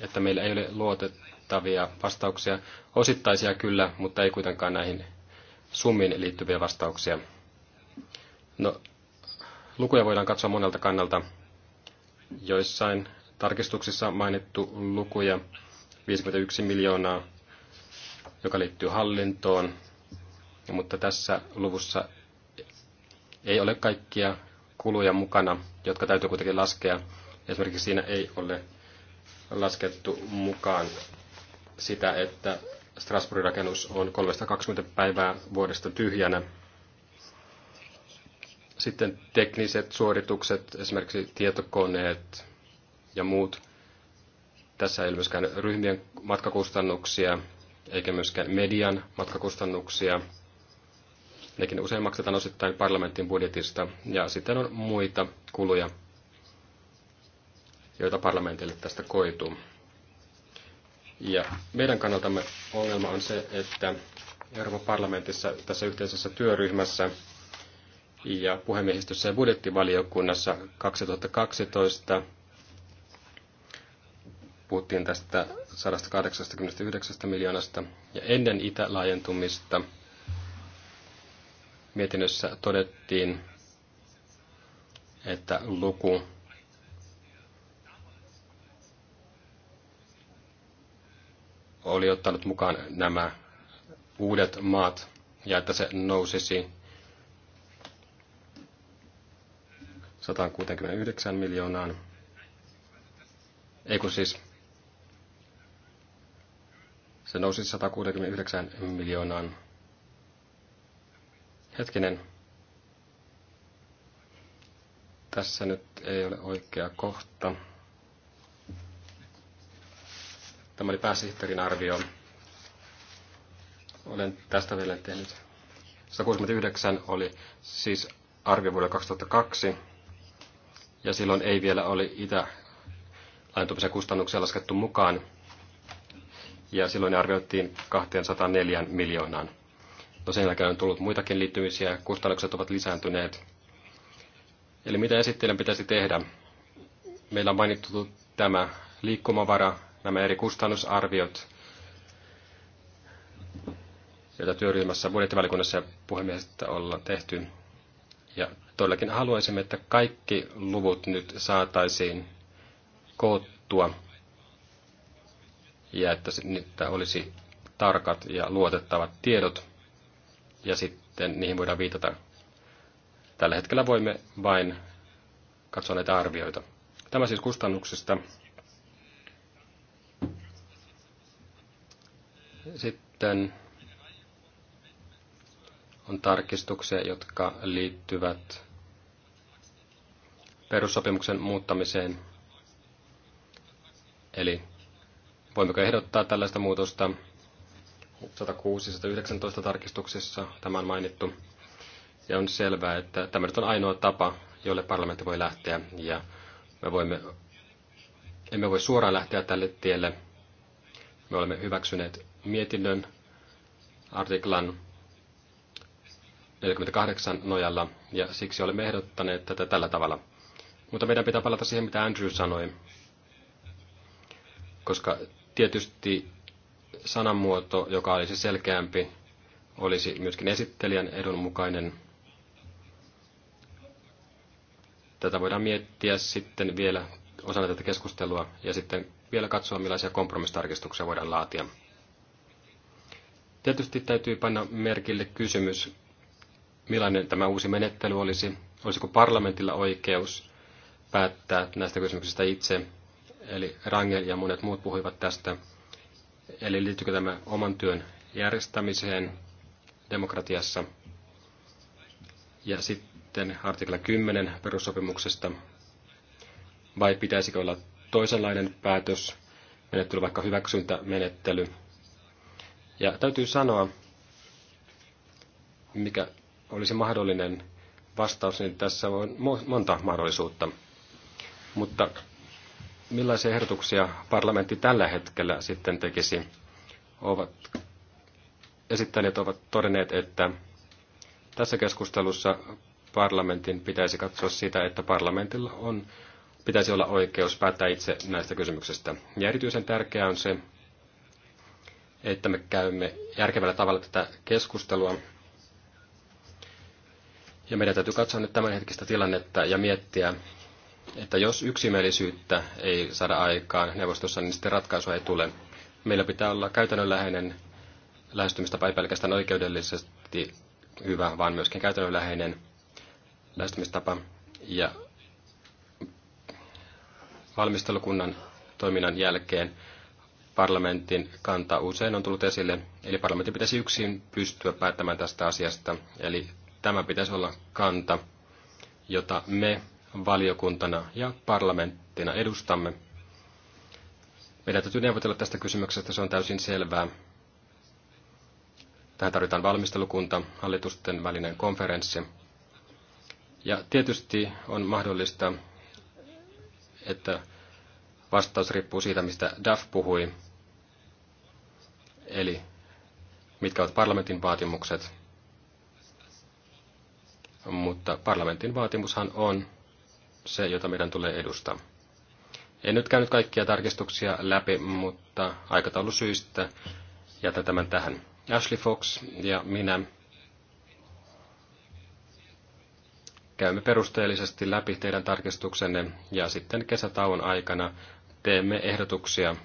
että meillä ei ole luotettavia vastauksia. Osittaisia kyllä, mutta ei kuitenkaan näihin summiin liittyviä vastauksia. No, Lukuja voidaan katsoa monelta kannalta. Joissain tarkistuksissa mainittu lukuja 51 miljoonaa, joka liittyy hallintoon, mutta tässä luvussa ei ole kaikkia kuluja mukana, jotka täytyy kuitenkin laskea. Esimerkiksi siinä ei ole laskettu mukaan sitä, että Strasbourgin rakennus on 320 päivää vuodesta tyhjänä sitten tekniset suoritukset, esimerkiksi tietokoneet ja muut. Tässä ei myöskään ryhmien matkakustannuksia, eikä myöskään median matkakustannuksia. Nekin usein maksetaan osittain parlamentin budjetista. Ja sitten on muita kuluja, joita parlamentille tästä koituu. Ja meidän kannaltamme ongelma on se, että Euroopan parlamentissa tässä yhteisessä työryhmässä ja puhemiehistössä ja budjettivaliokunnassa 2012 puhuttiin tästä 189 miljoonasta ja ennen itälaajentumista mietinnössä todettiin, että luku oli ottanut mukaan nämä uudet maat ja että se nousisi 169 miljoonaan. Eikö siis se nousi 169 miljoonaan. Hetkinen. Tässä nyt ei ole oikea kohta. Tämä oli pääsihteerin arvio. Olen tästä vielä tehnyt. 169 oli siis arvio vuodelle 2002 ja silloin ei vielä oli itä laajentumisen kustannuksia laskettu mukaan, ja silloin ne arvioittiin 204 miljoonaan. No sen jälkeen on tullut muitakin liittymisiä, kustannukset ovat lisääntyneet. Eli mitä esittelen pitäisi tehdä? Meillä on mainittu tämä liikkumavara, nämä eri kustannusarviot, joita työryhmässä budjettivälikunnassa ja puhemiehestä ollaan tehty. Ja todellakin haluaisimme, että kaikki luvut nyt saataisiin koottua ja että nyt olisi tarkat ja luotettavat tiedot ja sitten niihin voidaan viitata. Tällä hetkellä voimme vain katsoa näitä arvioita. Tämä siis kustannuksista. Sitten on tarkistuksia, jotka liittyvät perussopimuksen muuttamiseen. Eli voimmeko ehdottaa tällaista muutosta? 106-119 tarkistuksissa tämä on mainittu. Ja on selvää, että tämä nyt on ainoa tapa, jolle parlamentti voi lähteä. Ja me voimme, emme voi suoraan lähteä tälle tielle. Me olemme hyväksyneet mietinnön artiklan 48 nojalla, ja siksi olemme ehdottaneet tätä tällä tavalla. Mutta meidän pitää palata siihen, mitä Andrew sanoi. Koska tietysti sanamuoto, joka olisi selkeämpi, olisi myöskin esittelijän edun mukainen. Tätä voidaan miettiä sitten vielä osana tätä keskustelua ja sitten vielä katsoa, millaisia kompromistarkistuksia voidaan laatia. Tietysti täytyy panna merkille kysymys, millainen tämä uusi menettely olisi. Olisiko parlamentilla oikeus päättää näistä kysymyksistä itse. Eli Rangel ja monet muut puhuivat tästä. Eli liittyykö tämä oman työn järjestämiseen demokratiassa? Ja sitten artikla 10 perussopimuksesta. Vai pitäisikö olla toisenlainen päätös, menettely vaikka hyväksyntämenettely? Ja täytyy sanoa, mikä olisi mahdollinen vastaus, niin tässä on monta mahdollisuutta. Mutta millaisia ehdotuksia parlamentti tällä hetkellä sitten tekisi? Ovat, esittäneet ovat todenneet, että tässä keskustelussa parlamentin pitäisi katsoa sitä, että parlamentilla on, pitäisi olla oikeus päättää itse näistä kysymyksistä. Ja erityisen tärkeää on se, että me käymme järkevällä tavalla tätä keskustelua. Ja meidän täytyy katsoa nyt tämänhetkistä tilannetta ja miettiä, että jos yksimielisyyttä ei saada aikaan neuvostossa, niin sitten ratkaisua ei tule. Meillä pitää olla käytännönläheinen lähestymistapa, ei pelkästään oikeudellisesti hyvä, vaan myöskin käytännönläheinen lähestymistapa. Ja valmistelukunnan toiminnan jälkeen parlamentin kanta usein on tullut esille, eli parlamentti pitäisi yksin pystyä päättämään tästä asiasta, eli tämä pitäisi olla kanta, jota me valiokuntana ja parlamenttina edustamme. Meidän täytyy neuvotella tästä kysymyksestä, se on täysin selvää. Tähän tarvitaan valmistelukunta, hallitusten välinen konferenssi. Ja tietysti on mahdollista, että vastaus riippuu siitä, mistä DAF puhui, eli mitkä ovat parlamentin vaatimukset. Mutta parlamentin vaatimushan on, se, jota meidän tulee edustaa. En nyt käynyt kaikkia tarkistuksia läpi, mutta aikataulusyistä jätän tämän tähän. Ashley Fox ja minä käymme perusteellisesti läpi teidän tarkistuksenne ja sitten kesätauon aikana teemme ehdotuksia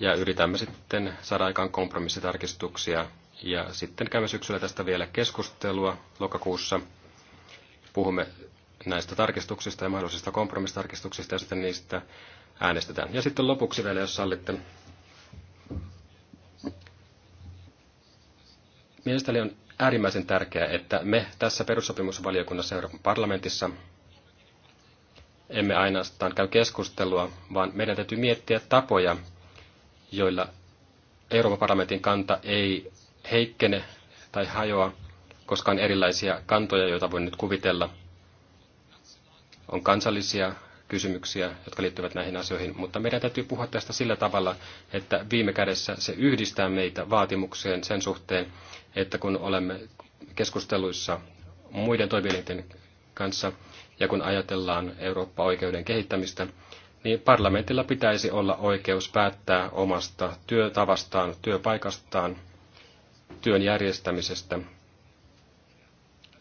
ja yritämme sitten saada aikaan kompromissitarkistuksia ja sitten käymme syksyllä tästä vielä keskustelua lokakuussa. Puhumme näistä tarkistuksista ja mahdollisista kompromissitarkistuksista ja sitten niistä äänestetään. Ja sitten lopuksi vielä, jos sallitte. Mielestäni on äärimmäisen tärkeää, että me tässä perussopimusvaliokunnassa Euroopan parlamentissa emme ainoastaan käy keskustelua, vaan meidän täytyy miettiä tapoja, joilla Euroopan parlamentin kanta ei heikkene tai hajoa, koska on erilaisia kantoja, joita voi nyt kuvitella – on kansallisia kysymyksiä, jotka liittyvät näihin asioihin, mutta meidän täytyy puhua tästä sillä tavalla, että viime kädessä se yhdistää meitä vaatimukseen sen suhteen, että kun olemme keskusteluissa muiden toimielinten kanssa ja kun ajatellaan Eurooppa-oikeuden kehittämistä, niin parlamentilla pitäisi olla oikeus päättää omasta työtavastaan, työpaikastaan, työn järjestämisestä,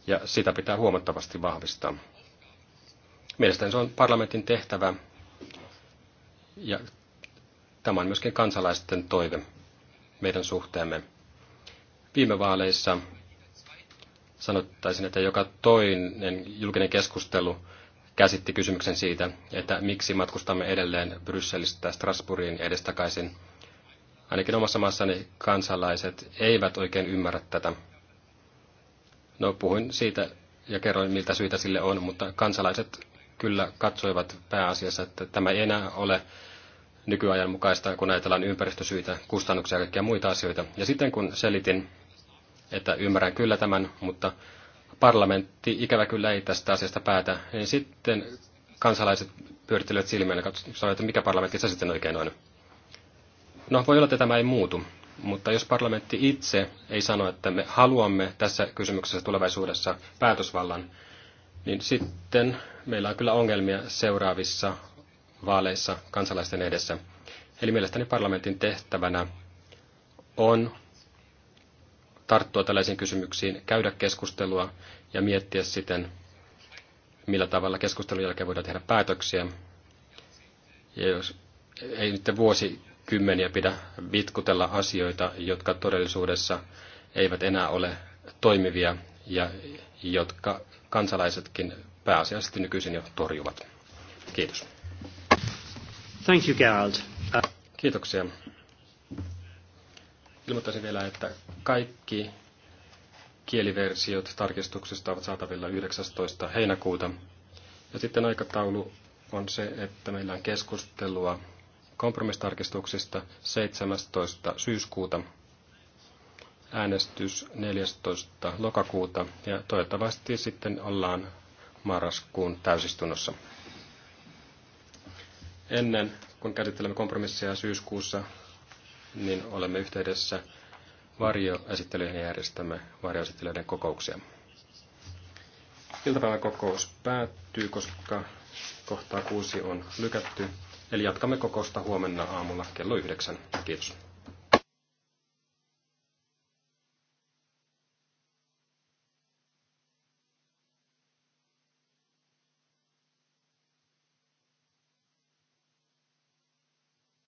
ja sitä pitää huomattavasti vahvistaa. Mielestäni se on parlamentin tehtävä ja tämä on myöskin kansalaisten toive meidän suhteemme. Viime vaaleissa sanottaisin, että joka toinen julkinen keskustelu käsitti kysymyksen siitä, että miksi matkustamme edelleen Brysselistä Strasbourgiin edestakaisin. Ainakin omassa maassani kansalaiset eivät oikein ymmärrä tätä. No puhuin siitä ja kerroin, miltä syitä sille on, mutta kansalaiset kyllä katsoivat pääasiassa, että tämä ei enää ole nykyajan mukaista, kun ajatellaan ympäristösyitä, kustannuksia ja kaikkia muita asioita. Ja sitten kun selitin, että ymmärrän kyllä tämän, mutta parlamentti ikävä kyllä ei tästä asiasta päätä, niin sitten kansalaiset pyörittelevät silmiä ja katsoivat, että mikä parlamentti se sitten oikein on. No, voi olla, että tämä ei muutu, mutta jos parlamentti itse ei sano, että me haluamme tässä kysymyksessä tulevaisuudessa päätösvallan, niin sitten meillä on kyllä ongelmia seuraavissa vaaleissa kansalaisten edessä. Eli mielestäni parlamentin tehtävänä on tarttua tällaisiin kysymyksiin, käydä keskustelua ja miettiä sitten, millä tavalla keskustelun jälkeen voidaan tehdä päätöksiä. Ja jos ei nyt vuosikymmeniä pidä vitkutella asioita, jotka todellisuudessa eivät enää ole toimivia ja jotka kansalaisetkin pääasiallisesti nykyisin jo torjuvat. Kiitos. Thank you, Gerald. Kiitoksia. Ilmoittaisin vielä, että kaikki kieliversiot tarkistuksesta ovat saatavilla 19. heinäkuuta. Ja sitten aikataulu on se, että meillä on keskustelua kompromistarkistuksista 17. syyskuuta äänestys 14. lokakuuta ja toivottavasti sitten ollaan marraskuun täysistunnossa. Ennen kun käsittelemme kompromisseja syyskuussa, niin olemme yhteydessä varjoesittelyihin ja järjestämme varjoesittelyiden kokouksia. Iltapäivän kokous päättyy, koska kohtaa kuusi on lykätty. Eli jatkamme kokousta huomenna aamulla kello yhdeksän. Kiitos.